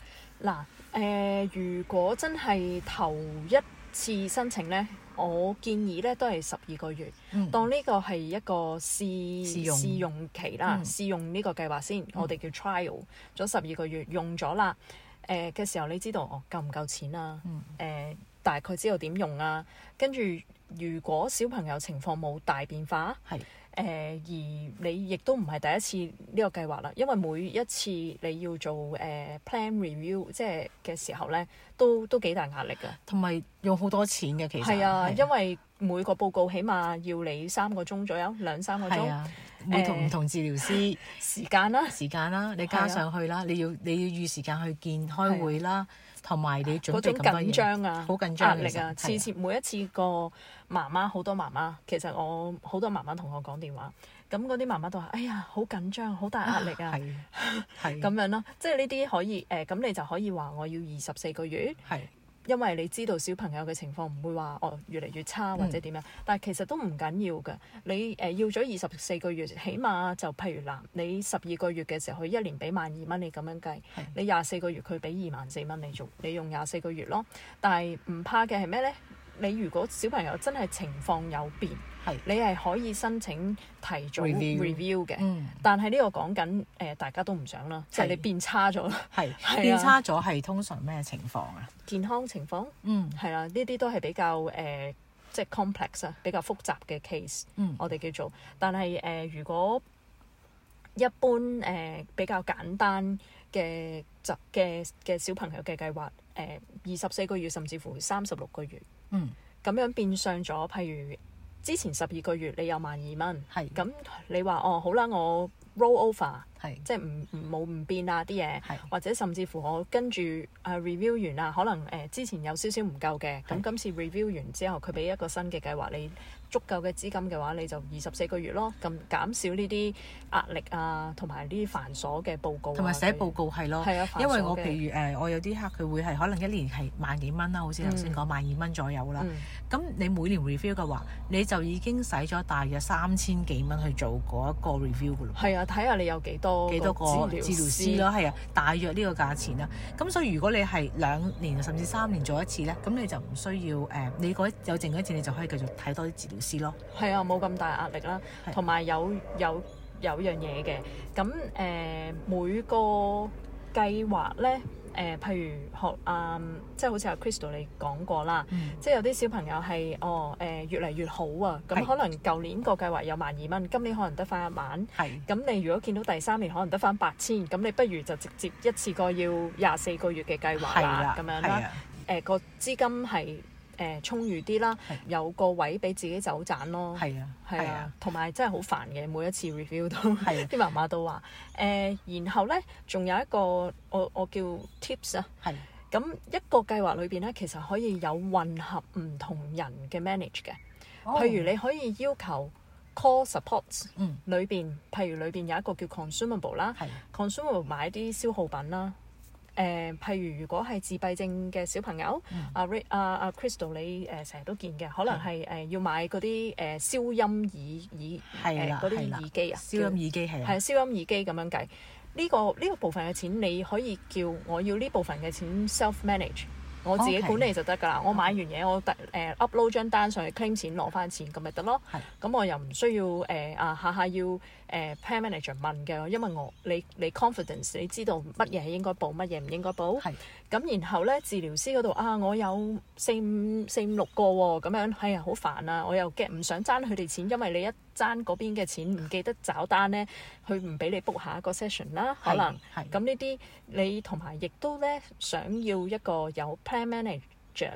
嗱，誒、呃，如果真係頭一次申請咧，我建議咧都係十二個月，嗯、當呢個係一個試試用，試用期啦，嗯、試用呢個計劃先，我哋叫 trial，咗十二個月用咗啦。誒嘅、呃、時候，你知道、哦、夠唔夠錢啊？誒、嗯呃、大概知道點用啊？跟住如果小朋友情況冇大變化，係誒是的、呃、而你亦都唔係第一次呢個計劃啦，因為每一次你要做誒、呃、plan review 即係嘅時候咧，都都幾大壓力噶，同埋用好多錢嘅其實係啊，因為每個報告起碼要你三個鐘左右，兩三個鐘。唔同唔同治療師、欸、時間啦，時間啦，你加上去啦，啊、你要你要預時間去見、啊、開會啦，同埋你準備咁多嘢，嗰種、啊、緊張啊，好緊張，壓力啊，次次、啊、每一次個媽媽好多媽媽，其實我好多媽媽同我講電話，咁嗰啲媽媽都話：哎呀，好緊張，好大壓力啊，係、啊，係咁、啊啊啊、 樣咯，即係呢啲可以誒，咁、呃、你就可以話我要二十四個月，係、啊。因為你知道小朋友嘅情況唔會話哦越嚟越差或者點樣，嗯、但係其實都唔緊要嘅。你誒、呃、要咗二十四個月，起碼就譬如話，你十二個月嘅時候，佢一年俾萬二蚊你咁樣計；是的 你廿四個月佢俾二萬四蚊你用，你用廿四個月咯。但係唔怕嘅係咩呢？你如果小朋友真係情況有變，係是你係可以申請提早 review 嘅。review，嗯、但係呢個講緊誒大家都唔想啦，是就係你變差咗啦。係是、 啊、變差咗係通常咩情況啊？健康情況嗯係啦，呢啲，啊、都係比較誒，即係 complex 啊，就是，complex，比較複雜嘅 case。嗯，我哋叫做但係誒、呃，如果一般誒、呃、比較簡單嘅集嘅嘅小朋友嘅計劃誒，二十四個月甚至乎三十六個月。嗯，咁樣變相咗，譬如之前十二個月你有萬二蚊，係咁你話哦，好啦，我 roll over。即係唔冇唔變啊啲嘢，或者甚至乎我跟住啊 review 完啊，可能誒之前有少少唔夠嘅，咁今次 review 完之後，佢俾一個新嘅計劃，你足夠嘅資金嘅話，你就二十四個月咯，咁減少呢啲壓力啊，同埋呢啲繁瑣嘅報告，同埋寫報告係咯，因為我譬如誒我有啲客佢會係可能一年係萬幾蚊啦，好似頭先講萬二蚊左右啦，咁你每年 review 嘅話，你就已經使咗大約三千幾蚊去做嗰一個 review 㗎咯，係啊，睇下你有幾多。幾多個治療師咯，係啊，大約呢個價錢啦。咁所以如果你係兩年甚至三年做一次呢，咁你就唔需要誒、呃，你有剩嗰一次你就可以繼續睇多啲治療師咯。係啊，冇咁大壓力啦，同埋是有有有，有樣嘢嘅。咁誒、呃，每個計劃呢。誒，譬、呃、如學誒、呃，即係好似阿 Christal 你講過啦，嗯、即係有啲小朋友係哦，誒、呃、越嚟越好啊。咁可能舊年個計劃有萬二蚊，今年可能得返一萬，係是。咁你如果見到第三年可能得返八千，咁你不如就直接一次過要廿四個月嘅計劃啦，咁的樣啦。誒，個、呃、資金係。誒、呃、充裕啲啦，的有個位俾自己走盞咯。係啊的，係啊的，同埋真係好煩嘅，每一次 review 都，啲媽媽都話誒、呃。然後咧，仲有一個我我叫 tips 啊。係的。咁一個計劃裏邊咧，其實可以有混合唔同人嘅 manage 嘅。哦、譬如你可以要求 call supports，嗯，裏邊譬如裏邊有一個叫 consumable 啦，consumable 的買啲消耗品啦。誒，譬、呃、如如果係自閉症嘅小朋友，阿 Ray、嗯啊、阿、啊、阿 Christal，你誒成日都見嘅，可能係誒是的、呃、要買嗰啲誒消音耳耳誒啲耳機啊，消對燒音耳機係係消音耳機咁樣計呢、這個呢、這個部分嘅錢，你可以叫我要呢部分嘅錢 self manage，我自己管理就得㗎啦。Okay, 我買完嘢我誒 upload 張單上去 claim 錢，攞翻錢咁咪得咯。咁是的 我又唔需要誒啊、呃呃、下下要。誒、uh, plan manager 問嘅，因為我你你 confidence，你知道乜嘢係應該報，乜嘢唔應該報。係的。咁然後咧治療師嗰度啊，我有四五四五六個喎、哦，咁樣係啊好煩啊，我又驚唔想爭佢哋錢，因為你一爭嗰邊嘅錢唔記得找單咧，佢唔俾你 book 下一個 session 啦。可能係。咁啦的呢啲你同埋亦都咧想要一個有 plan manager。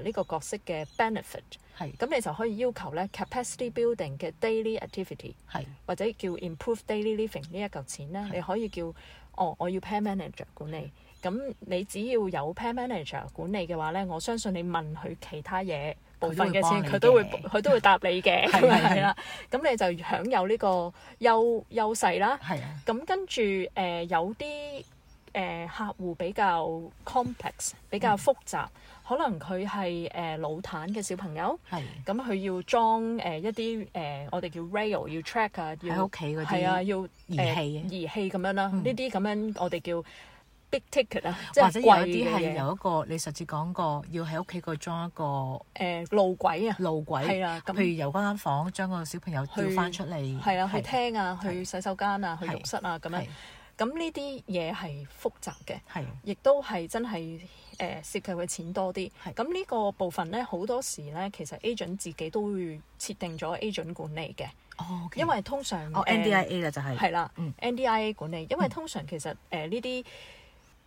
呢個角色嘅 benefit，係咁你就可以要求咧 capacity building 嘅 daily activity，係或者叫 improve daily living 呢一嚿錢咧，你可以叫哦我要 plan manager 管理，咁你只要有 plan manager 管理嘅話咧，我相信你問佢其他嘢部分嘅錢，佢都會佢都會答你嘅，係啦，咁你就享有呢個優優勢啦。係啊，咁跟住誒有啲誒客戶比較 complex，比較複雜。可能佢係誒腦癱嘅小朋友，咁佢要裝誒一啲誒我哋叫 rail 要 track 啊，要喺屋企嗰啲啊，要儀器儀器咁樣啦。呢啲咁樣我哋叫 big ticket 啊，或者貴啲係有一個你上次講過要喺屋企個裝一個誒路軌啊，路軌係啦。咁譬如由間房將個小朋友推返出嚟，係啊，去廳啊，去洗手間啊，去浴室啊咁樣。咁呢啲嘢係複雜嘅，係亦都係真係。誒、呃、涉及嘅錢多啲，咁呢的個部分咧，好多時咧，其實 Agency 自己都會設定咗 Agency 管理嘅，oh, okay. 因為通常哦、oh, NDIA 啦就係係啦，NDIA 管理，嗯、因為通常其實誒呢啲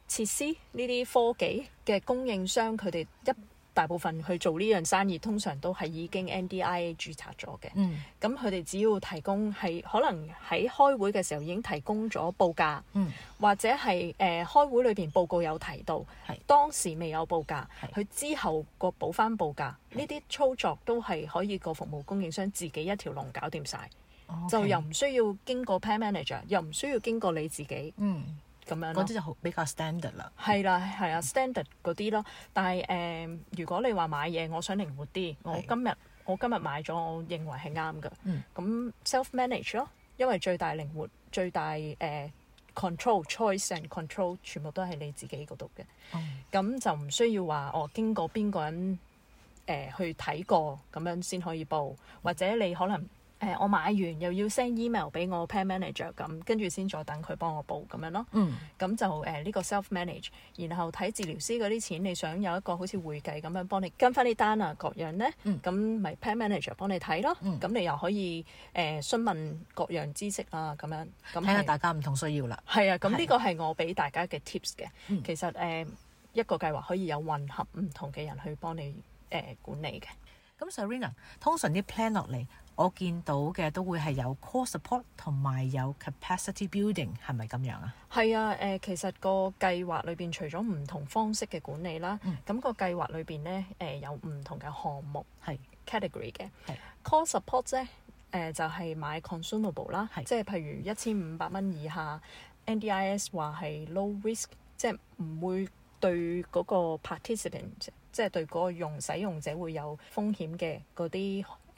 設施、呢啲科技嘅供應商佢哋一。嗯大部分去做呢樣生意，通常都係已經 NDIA 註冊咗嘅。嗯，咁佢哋只要提供係可能喺開會嘅時候已經提供咗報價，嗯，或者係誒、呃、開會裏邊報告有提到，係是當時未有報價，佢是之後個補翻報價，呢啲是操作都係可以個服務供應商自己一條龍搞掂晒，嗯、就又唔需要經過 Plan Manager，又唔需要經過你自己，嗯。嗰啲就比較 standard 啦，係啦，係啊，standard 嗰啲咯。但係誒、呃，如果你話買嘢，我想靈活啲的，我今日我今日買咗，我認為係啱嘅。咁、嗯、self manage 咯，因為最大靈活、最大誒、呃、control、choice and control 全部都係你自己嗰度嘅。咁、oh. 就唔需要話哦、呃，經過邊個人誒、呃、去睇過，咁樣先可以報，或者你可能。誒，我買完又要 send email 俾我 plan manager 咁，跟住先再等佢幫我報咁樣咯。嗯，咁就誒呢個 self manage，然後睇治療師嗰啲錢，你想有一個好似會計咁樣幫你跟翻啲單啊，各樣咧。嗯，咁咪 plan manager 幫你睇咯。嗯，咁你又可以誒詢問各樣知識啦，咁樣。咁睇下大家唔同需要啦。係啊，咁呢個係我俾大家嘅 tips 嘅。其實誒一個計劃可以有混合唔同嘅人去幫你誒管理嘅。咁 Serene，通常啲 plan 落嚟。我見到嘅都會係有 core support 同埋有，有 capacity building 係咪咁樣啊？係、呃、啊，誒其實個計劃裏邊除咗唔同方式嘅管理啦，咁、嗯、個計劃裏邊咧誒有唔同嘅項目係 category 嘅。係 core support 咧誒、呃、就係、是、買 consumable 啦，是即係譬如一千五百蚊以下，NDIS 話係 low risk，即係唔會對嗰個 participant，即係對嗰個用使用者會有風險嘅嗰啲。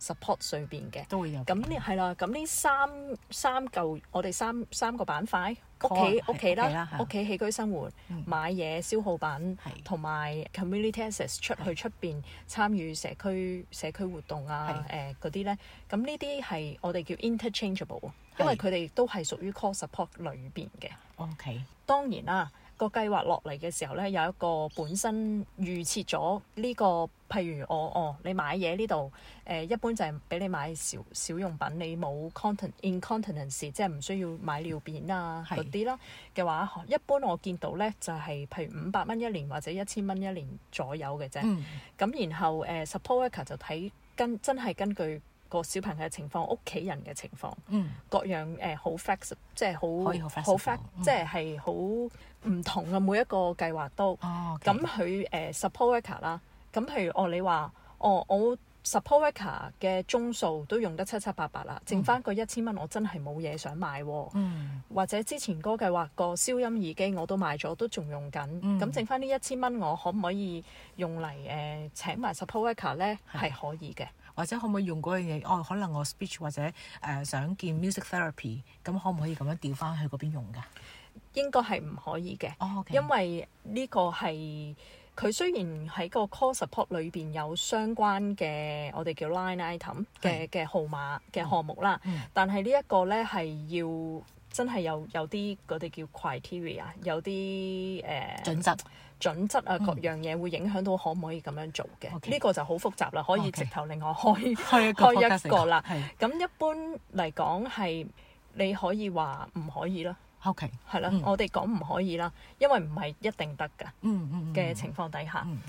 support 上便嘅，都會有。咁呢係啦，咁呢三三嚿我哋三三個板塊，屋企屋企啦，屋企起居生活，嗯、買嘢消耗品，同埋是 community access 出去出邊參與社區是社區活動啊，誒嗰啲咧，咁、呃、呢啲係我哋叫 interchangeable，因為佢哋都係屬於 core support 裏邊嘅。OK，是、嗯、當然啦。個計劃落嚟嘅時候咧，有一個本身預設咗呢、這個，譬如我哦，你買嘢呢度，誒、呃、一般就係俾你買少少用品，你冇 content incontinence 即係唔需要買尿片啊嗰啲啦嘅話，一般我見到咧就係、是、譬如五百蚊一年或者一千蚊一年左右嘅啫。咁、嗯、然後誒、呃、support worker 就睇跟真係根據。個小朋友嘅情況，屋企人嘅情況，嗯、各樣誒、呃、好 flex，即係好好 flex，即係係好唔同嘅、啊、每一個計劃都。咁佢誒 support worker 啦。咁譬如哦，你話哦，我 support worker 嘅鐘數都用得七七八八啦，嗯、剩翻個一千蚊，我真係冇嘢想買、啊。嗯。或者之前嗰個計劃個消音耳機我都買咗，都仲用緊。嗯。咁剩翻呢一千蚊，我可唔可以用嚟誒、呃、請埋 support worker 咧？係可以嘅。或者可唔可以用嗰樣嘢？哦，可能我 speech 或者誒、呃、想見 music therapy，咁可唔可以咁樣調翻去嗰邊用㗎？應該係唔可以嘅，哦 okay。因為呢個係佢雖然喺個 call support 裏邊有相關嘅我哋叫 line item 嘅嘅是號碼嘅項目啦，嗯、但係呢一個咧係要真係有有啲我哋叫 criteria，有啲誒、嗯、準則。準則啊，各樣嘢會影響到可唔可以咁樣做嘅？呢 Okay. 個就好複雜啦，可以直頭另外開 Okay. 開一個啦。咁一，的一般嚟講係你可以話唔可以啦。OK，係啦，我哋講唔可以啦，因為唔係一定得噶、嗯。嘅、嗯嗯、情況底下，嗯嗯、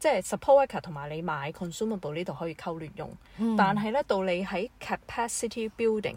即係 support worker 同埋你買 consumable 呢度可以溝亂用，嗯、但係呢，到你喺 capacity building。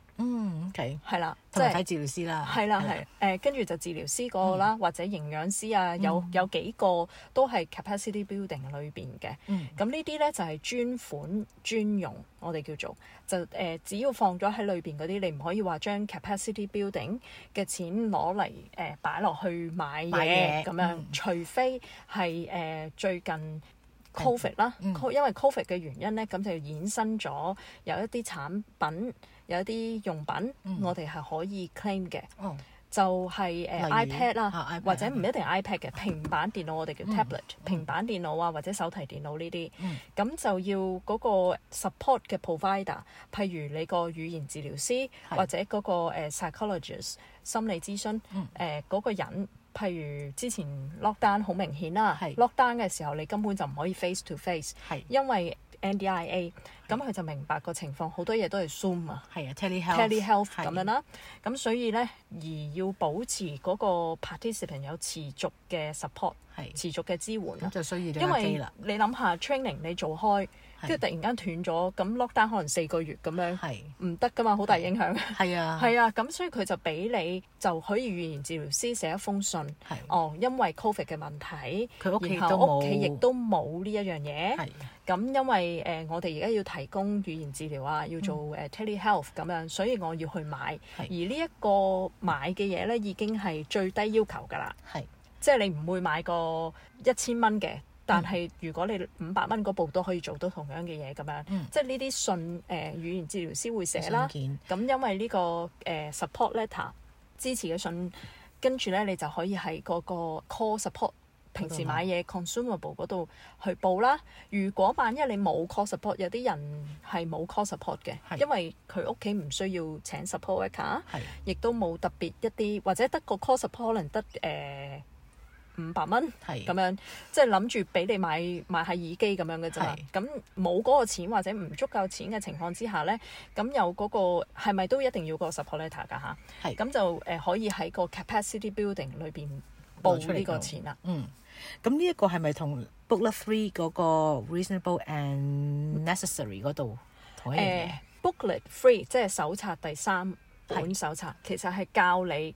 嗯，OK，係啦，即係睇治療師啦，係啦，係誒啦，跟住啦、呃、就治療師個啦，嗯、或者營養師啊，嗯、有有幾個都係 capacity building 裏邊嘅。嗯，咁呢啲咧就係、是、專款專用，我哋叫做就誒、呃，只要放咗喺裏邊嗰啲，你唔可以話將 capacity building 嘅錢攞嚟誒擺落去買嘢咁、嗯、樣，除非係誒、呃、最近 COVID 啦，因、嗯、因為 COVID 嘅原因咧，咁就衍生咗有一啲產品。有啲用品我哋係可以 claim 嘅，就係誒 iPad 啦，或者唔一定 iPad 嘅平板電腦，我哋叫 tablet，平板電腦啊或者手提電腦呢啲，咁就要嗰個 support 嘅 provider，譬如你個語言治療師或者嗰個誒 psychologist 心理諮詢誒嗰個人，譬如之前 lockdown 好明顯啦，lockdown 嘅時候你根本就唔可以 face to face，因為。NDIA，咁佢就明白個情況，好多嘢都係 Zoom 啊的，係啊，Telehealth 咁樣啦，咁的所以咧而要保持嗰個 participant 有持續嘅 support，係的持續嘅支援啦，就需要因為了你諗下 training 你做開？跟住突然間斷咗，咁 lockdown 可能四個月咁樣，唔得㗎嘛，好大影響。係啊，係啊，咁所以佢就俾你就可以語言治療師寫一封信。係。哦，因為 COVID 嘅問題，佢屋企都冇，屋企亦都冇呢一樣嘢。係。咁因為誒，我哋而家要提供語言治療啊，要做誒 telehealth 咁樣，所以我要去買。係。而呢一個買嘅嘢咧，已經係最低要求㗎啦。係。即係你唔會買個一千蚊嘅。但係如果你五百蚊嗰部都可以做到同樣嘅嘢咁樣，嗯、即係呢啲信誒、呃、語言治療師會寫啦。信件咁、嗯、因為呢、呢個誒、呃、support letter 支持嘅信，跟住咧你就可以喺嗰個 call support 平時買嘢、嗯、consumable 嗰度去報啦。如果萬一你冇 call support，有啲人係冇 call support 嘅，是因為佢屋企唔需要請 support worker 亦是都冇特別一啲，或者得個 call support 可能得誒。呃五百蚊咁樣，即係諗住俾你買買下耳機咁樣嘅啫。咁冇嗰個錢或者唔足夠錢嘅情況之下咧，咁有嗰、那個係咪都一定要個 support letter 噶吓？係咁的就誒、呃、可以喺個 capacity building 裏邊報呢個錢啦。嗯，咁呢一個係咪同 booklet three 嗰個 reasonable and necessary 嗰度？誒、呃、booklet three 即係手冊第三本，本手冊，其實係教你。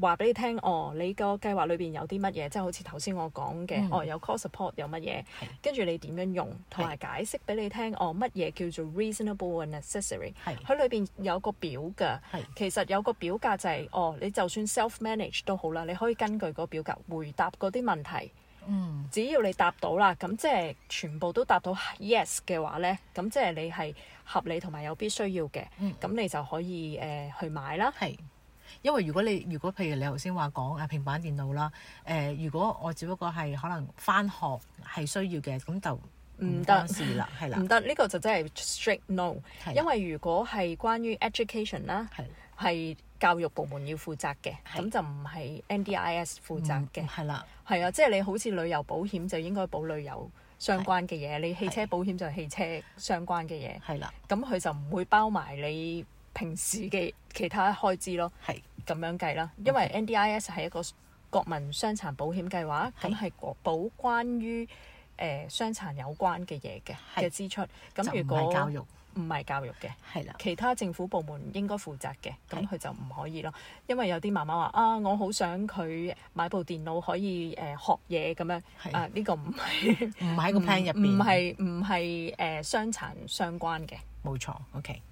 話俾你聽哦，你個計劃裏邊有啲乜嘢，即係好似頭先我講嘅哦，有 cost support 有乜嘢，跟住你點樣用，同埋解釋俾你聽哦，乜嘢叫做 reasonable and necessary？佢裏邊有個表噶，其實有個表格就係哦，你就算 self manage 都好啦，你可以根據個表格回答嗰啲問題，只要你答到啦，咁即係全部都答到 yes 嘅話呢，咁即係你係合理同埋有必須要嘅，嗯，咁你就可以誒去買啦，係。因為如果你如果譬如你頭先話講啊平板電腦啦，誒如果我只不過係可能翻學係需要嘅，咁就唔關事啦，係啦，唔得呢個就真係 strict no。因為如果係關於 education 啦，係教育部門要負責嘅，咁就唔係 NDIS 負責嘅，係啦，係啊，即係你好似旅遊保險就應該保旅遊相關嘅嘢，你汽車保險就係汽車相關嘅嘢，係啦，咁佢就唔會包埋你。平時嘅其他開支咯，係咁是樣計啦。因為 NDIS 係一個國民傷殘保險計劃，咁係保關於誒傷、呃、殘有關嘅嘢嘅嘅支出。咁如果教育，唔係教育嘅，係啦的，其他政府部門應該負責嘅，咁佢的就唔可以咯。因為有啲媽媽話啊，我好想佢買部電腦可以誒、呃、學嘢咁樣，啊呢的、呃這個唔係唔喺個 plan 入邊，唔係唔係誒傷殘相關嘅，冇錯。OK。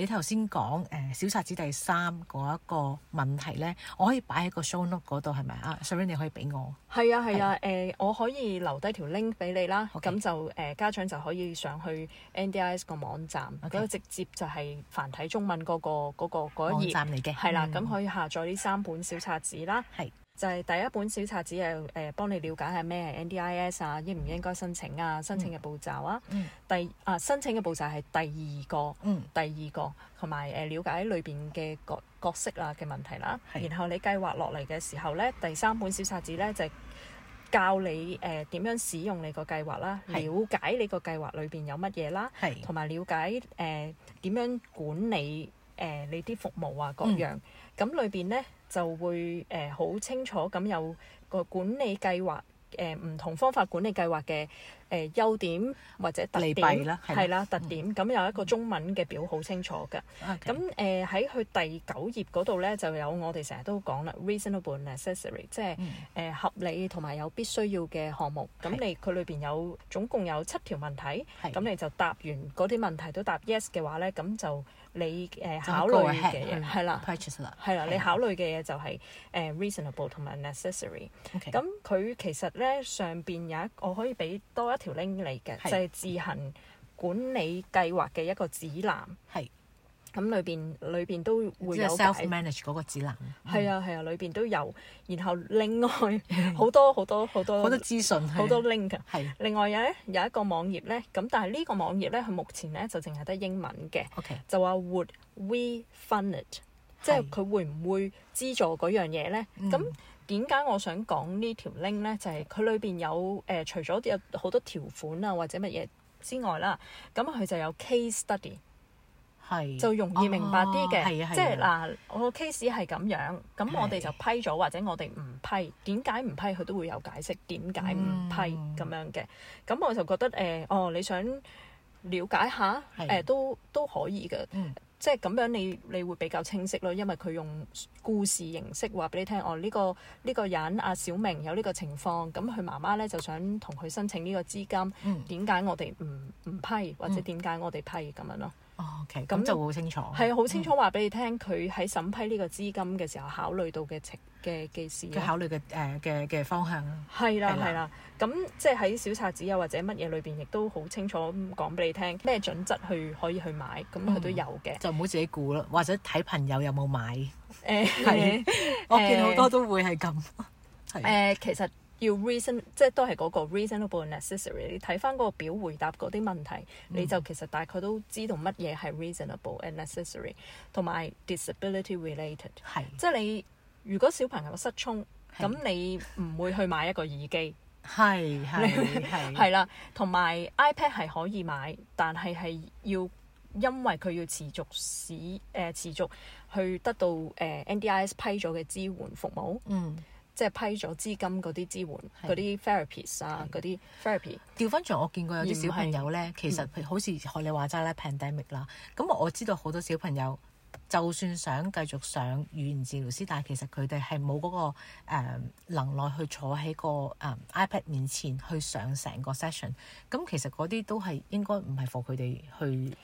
你頭先講誒小冊子第三嗰一個問題咧，我可以擺喺個 shownote 嗰度係咪啊 Serene 你可以俾我。係啊係啊，誒、啊啊呃、我可以留低條 link 俾你啦。咁 Okay. 就誒、呃、家長就可以上去 NDIS 個網站，嗰 Okay. 個直接就係繁體中文嗰、嗰個嗰、嗰個嗰、嗰個、一頁站嚟嘅。係啦，咁、嗯、可以下載呢三本小冊子啦。係。就係第一本小冊子，誒誒，幫你了解係咩 NDIS 啊，應唔應該申請啊，申請嘅步驟啊。第啊，申請嘅步驟係第二個，第二個同埋誒，了解裏邊嘅角角色啊嘅問題啦。然後你計劃落嚟嘅時候咧，第三本小冊子咧就係教你誒點樣使用你個計劃啦，了解你個計劃裏邊有乜嘢啦，同埋了解誒點樣管理誒你啲服務啊各樣。咁裏邊咧，就會誒好清楚咁，有個管理計劃，誒唔同方法管理計劃嘅，誒優點或者特點係啦，特點咁，有一個中文嘅表好清楚嘅，咁誒喺佢第九頁嗰度咧，就有我哋成日都講啦，reasonable and necessary，即係誒合理同埋有必須要嘅項目。咁你佢裏邊有總共有七條問題，咁你就答完嗰啲問題都答 yes 嘅話咧，咁就你誒、呃、考慮嘅嘢係啦，係啦，你考慮嘅嘢就係、係、誒、呃、reasonable 同埋 necessary。咁佢其實咧上邊有一個，我可以俾多一條 link 嚟嘅，係，就係自行管理計劃嘅一個指南。係。咁裏邊裏邊都會有 self manage 嗰個指南，係啊係啊，裏邊、啊、都有，然後另外好多好多好多好 多資訊，好多 link 係。另外有咧有一個網頁咧，咁但係呢個網頁咧，佢目前咧就淨係得英文嘅。OK，就話 Would we fund it？的即係佢會唔會資助嗰樣嘢咧？咁點解我想講呢條 link 咧？就係佢裏邊有誒、呃，除咗有好多條款啊或者乜嘢之外啦，咁佢就有 case study。是就容易明白啲嘅，即係嗱，我 case 係咁樣咁，我哋就批咗，的或者我哋唔批點解唔批，佢都會有解釋點解唔批咁、嗯、樣嘅。咁我就覺得誒、呃，哦，你想了解下誒的、呃、都都可以嘅，嗯、即係咁樣你你會比較清晰咯，因為佢用故事形式話俾你聽，哦呢、呢個呢、呢個人阿小明有呢個情況，咁佢媽媽咧就想同佢申請呢個資金，點解我哋唔唔批，或者點解我哋批咁樣咯？哦，OK，咁就會好清楚。係啊，好清楚話俾你聽，佢喺審批呢個資金嘅時候考慮到嘅情嘅嘅事。佢考慮嘅誒嘅嘅方向啊。係啦，係啦。咁即係喺小冊子啊，或者乜嘢裏邊，亦都好清楚講俾你聽咩準則去可以去買，咁佢、嗯、都有嘅。就唔好自己估咯，或者睇朋友有冇買。誒，係。我見好多都會係咁。誒 的、欸，其實。要 reason 即係都係嗰個 reasonable and necessary。你睇翻嗰個表回答嗰啲問題，嗯、你就其實大概都知道乜嘢係 reasonable and necessary，同埋 disability related 是。係，即係你如果小朋友失聰，咁是你唔會去買一個耳機。係係係， 係啦。同埋 iPad 係可以買，但係係要因為佢要持續使誒、呃、持續去得到誒、呃、NDIS 批咗嘅支援服務。嗯。即係批咗資金嗰啲支援，嗰啲的 therapies 啊，嗰啲 therapy。調翻轉，我見過有啲小朋友咧，嗯、其實、嗯、好似學你話齋咧 pandemic 啦。咁我知道好多小朋友，就算想繼續上語言治療師，但係其實佢哋係冇嗰個、嗯、能耐去坐喺、嗰個誒、嗯、iPad 面前去上成個 session。咁其實嗰啲都係應該唔係服佢哋去、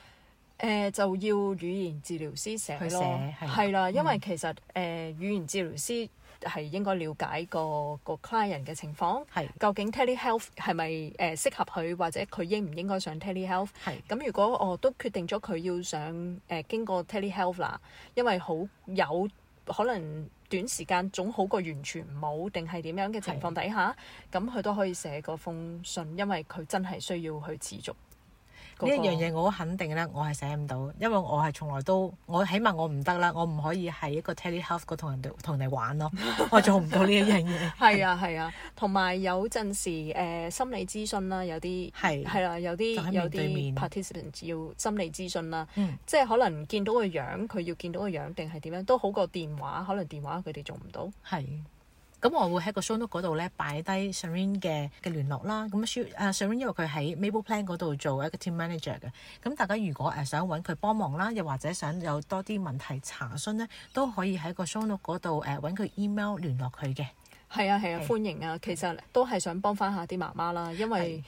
呃。誒就要語言治療師寫咯，係啦，的嗯、因為其實誒、呃、語言治療師。係應該了解個個 client 嘅情況，是究竟 telehealth 係咪誒適合佢，或者佢應唔應該上 telehealth？咁是如果我、呃、都決定咗佢要上誒、呃、經過 telehealth 啦，因為好有可能短時間總好過完全冇定係點樣嘅情況底下，咁佢是都可以寫個封信，因為佢真係需要去持續。呢一樣嘢我好肯定咧，我係寫唔到，因為我係從來都，我起碼我唔得啦，我唔可以喺一個 telehealth 嗰度同人哋同人哋玩咯， 我做唔到呢一樣嘢。係啊，係啊，同埋、啊、有陣時誒、呃、心理諮詢啦，有啲係係啦，有啲有啲 participant 要心理諮詢啦，嗯、即係可能見到個樣，佢要見到個樣定係點樣都好過電話，可能電話佢哋做唔到。係。咁我會喺個 show note 嗰度咧擺低 Serene 嘅嘅聯絡啦。咁 Serene 因為佢喺 Maple Plan 嗰度做一個 Team Manager 嘅。咁大家如果誒想揾佢幫忙啦，又或者想有多啲問題查詢咧，都可以喺個 show note 嗰度誒揾佢 email 聯絡佢嘅。係啊，係啊，歡迎啊！是其實都係想幫翻下啲媽媽啦，因為。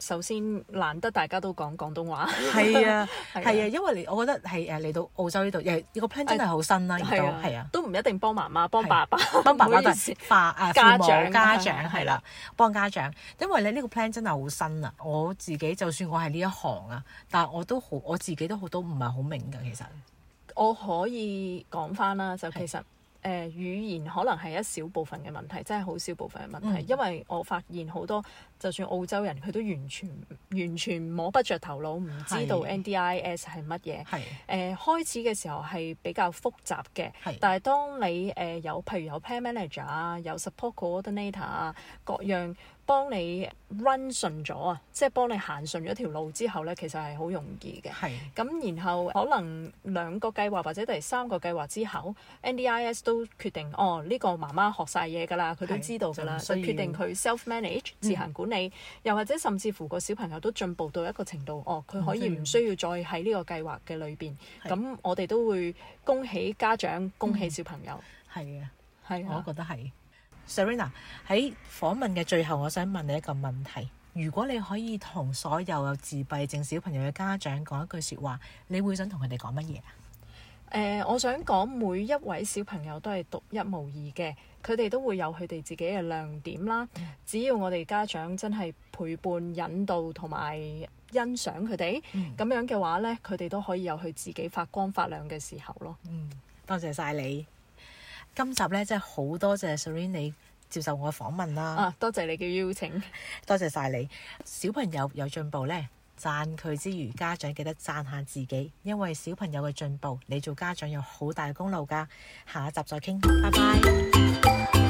首先難得大家都講廣東話，係啊，係 啊，啊因為嚟，我覺得係誒嚟到澳洲呢度，又係個 plan 真係好新啦，而家係啊，哎、都唔、啊啊、一定幫媽媽，幫爸爸，唔、啊、好意思，爸誒母家長，家長係啦，啊啊、幫家長，因為你呢個 plan 真係好新啊，我自己，就算我係呢一行啊，但我都好，我自己都好，都唔係好明㗎其實，我可以講翻啦，就其實、嗯。誒、呃、語言可能係一小部分嘅問題，真係好小部分嘅問題，嗯、因為我發現好多就算澳洲人佢都完全完全摸不着頭腦，唔知道 NDIS 係乜嘢。係是、呃、開始嘅時候係比較複雜嘅，是但係當你誒有譬如有 Plan Manager 啊，有 Support Coordinator 啊，各樣。幫你 run 順咗啊，即係幫你行順咗條路之後呢，其實係好容易嘅。咁然後可能兩個計劃或者第三個計劃之後，NDIS 都決定哦，呢個媽媽學晒嘢㗎啦，佢都知道㗎啦，就，就決定佢 self manage 自行管理。嗯、又或者甚至乎個小朋友都進步到一個程度，哦，佢可以唔需要再喺呢個計劃嘅裏邊。咁我哋都會恭喜家長，恭喜小朋友。係啊，係啊，我覺得係。Serene 喺訪問嘅最後，我想問你一個問題：如果你可以同所有有自閉症小朋友嘅家長講一句説話，你會想同佢哋講乜嘢啊？誒，我想講每一位小朋友都係獨一無二嘅，佢哋都會有佢哋自己嘅亮點啦。嗯、只要我哋家長真係陪伴、引導同埋欣賞佢哋，咁、嗯、樣嘅話呢，佢哋都可以有佢自己發光發亮嘅時候咯。多、嗯、謝晒你。今集咧，真係好多謝 Serene 你接受我嘅訪問啦！啊，多謝你嘅邀請，多謝晒你。小朋友有進步咧，讚佢之餘，家長記得讚下自己，因為小朋友嘅進步，你做家長有好大嘅功勞㗎。下一集再傾，拜拜。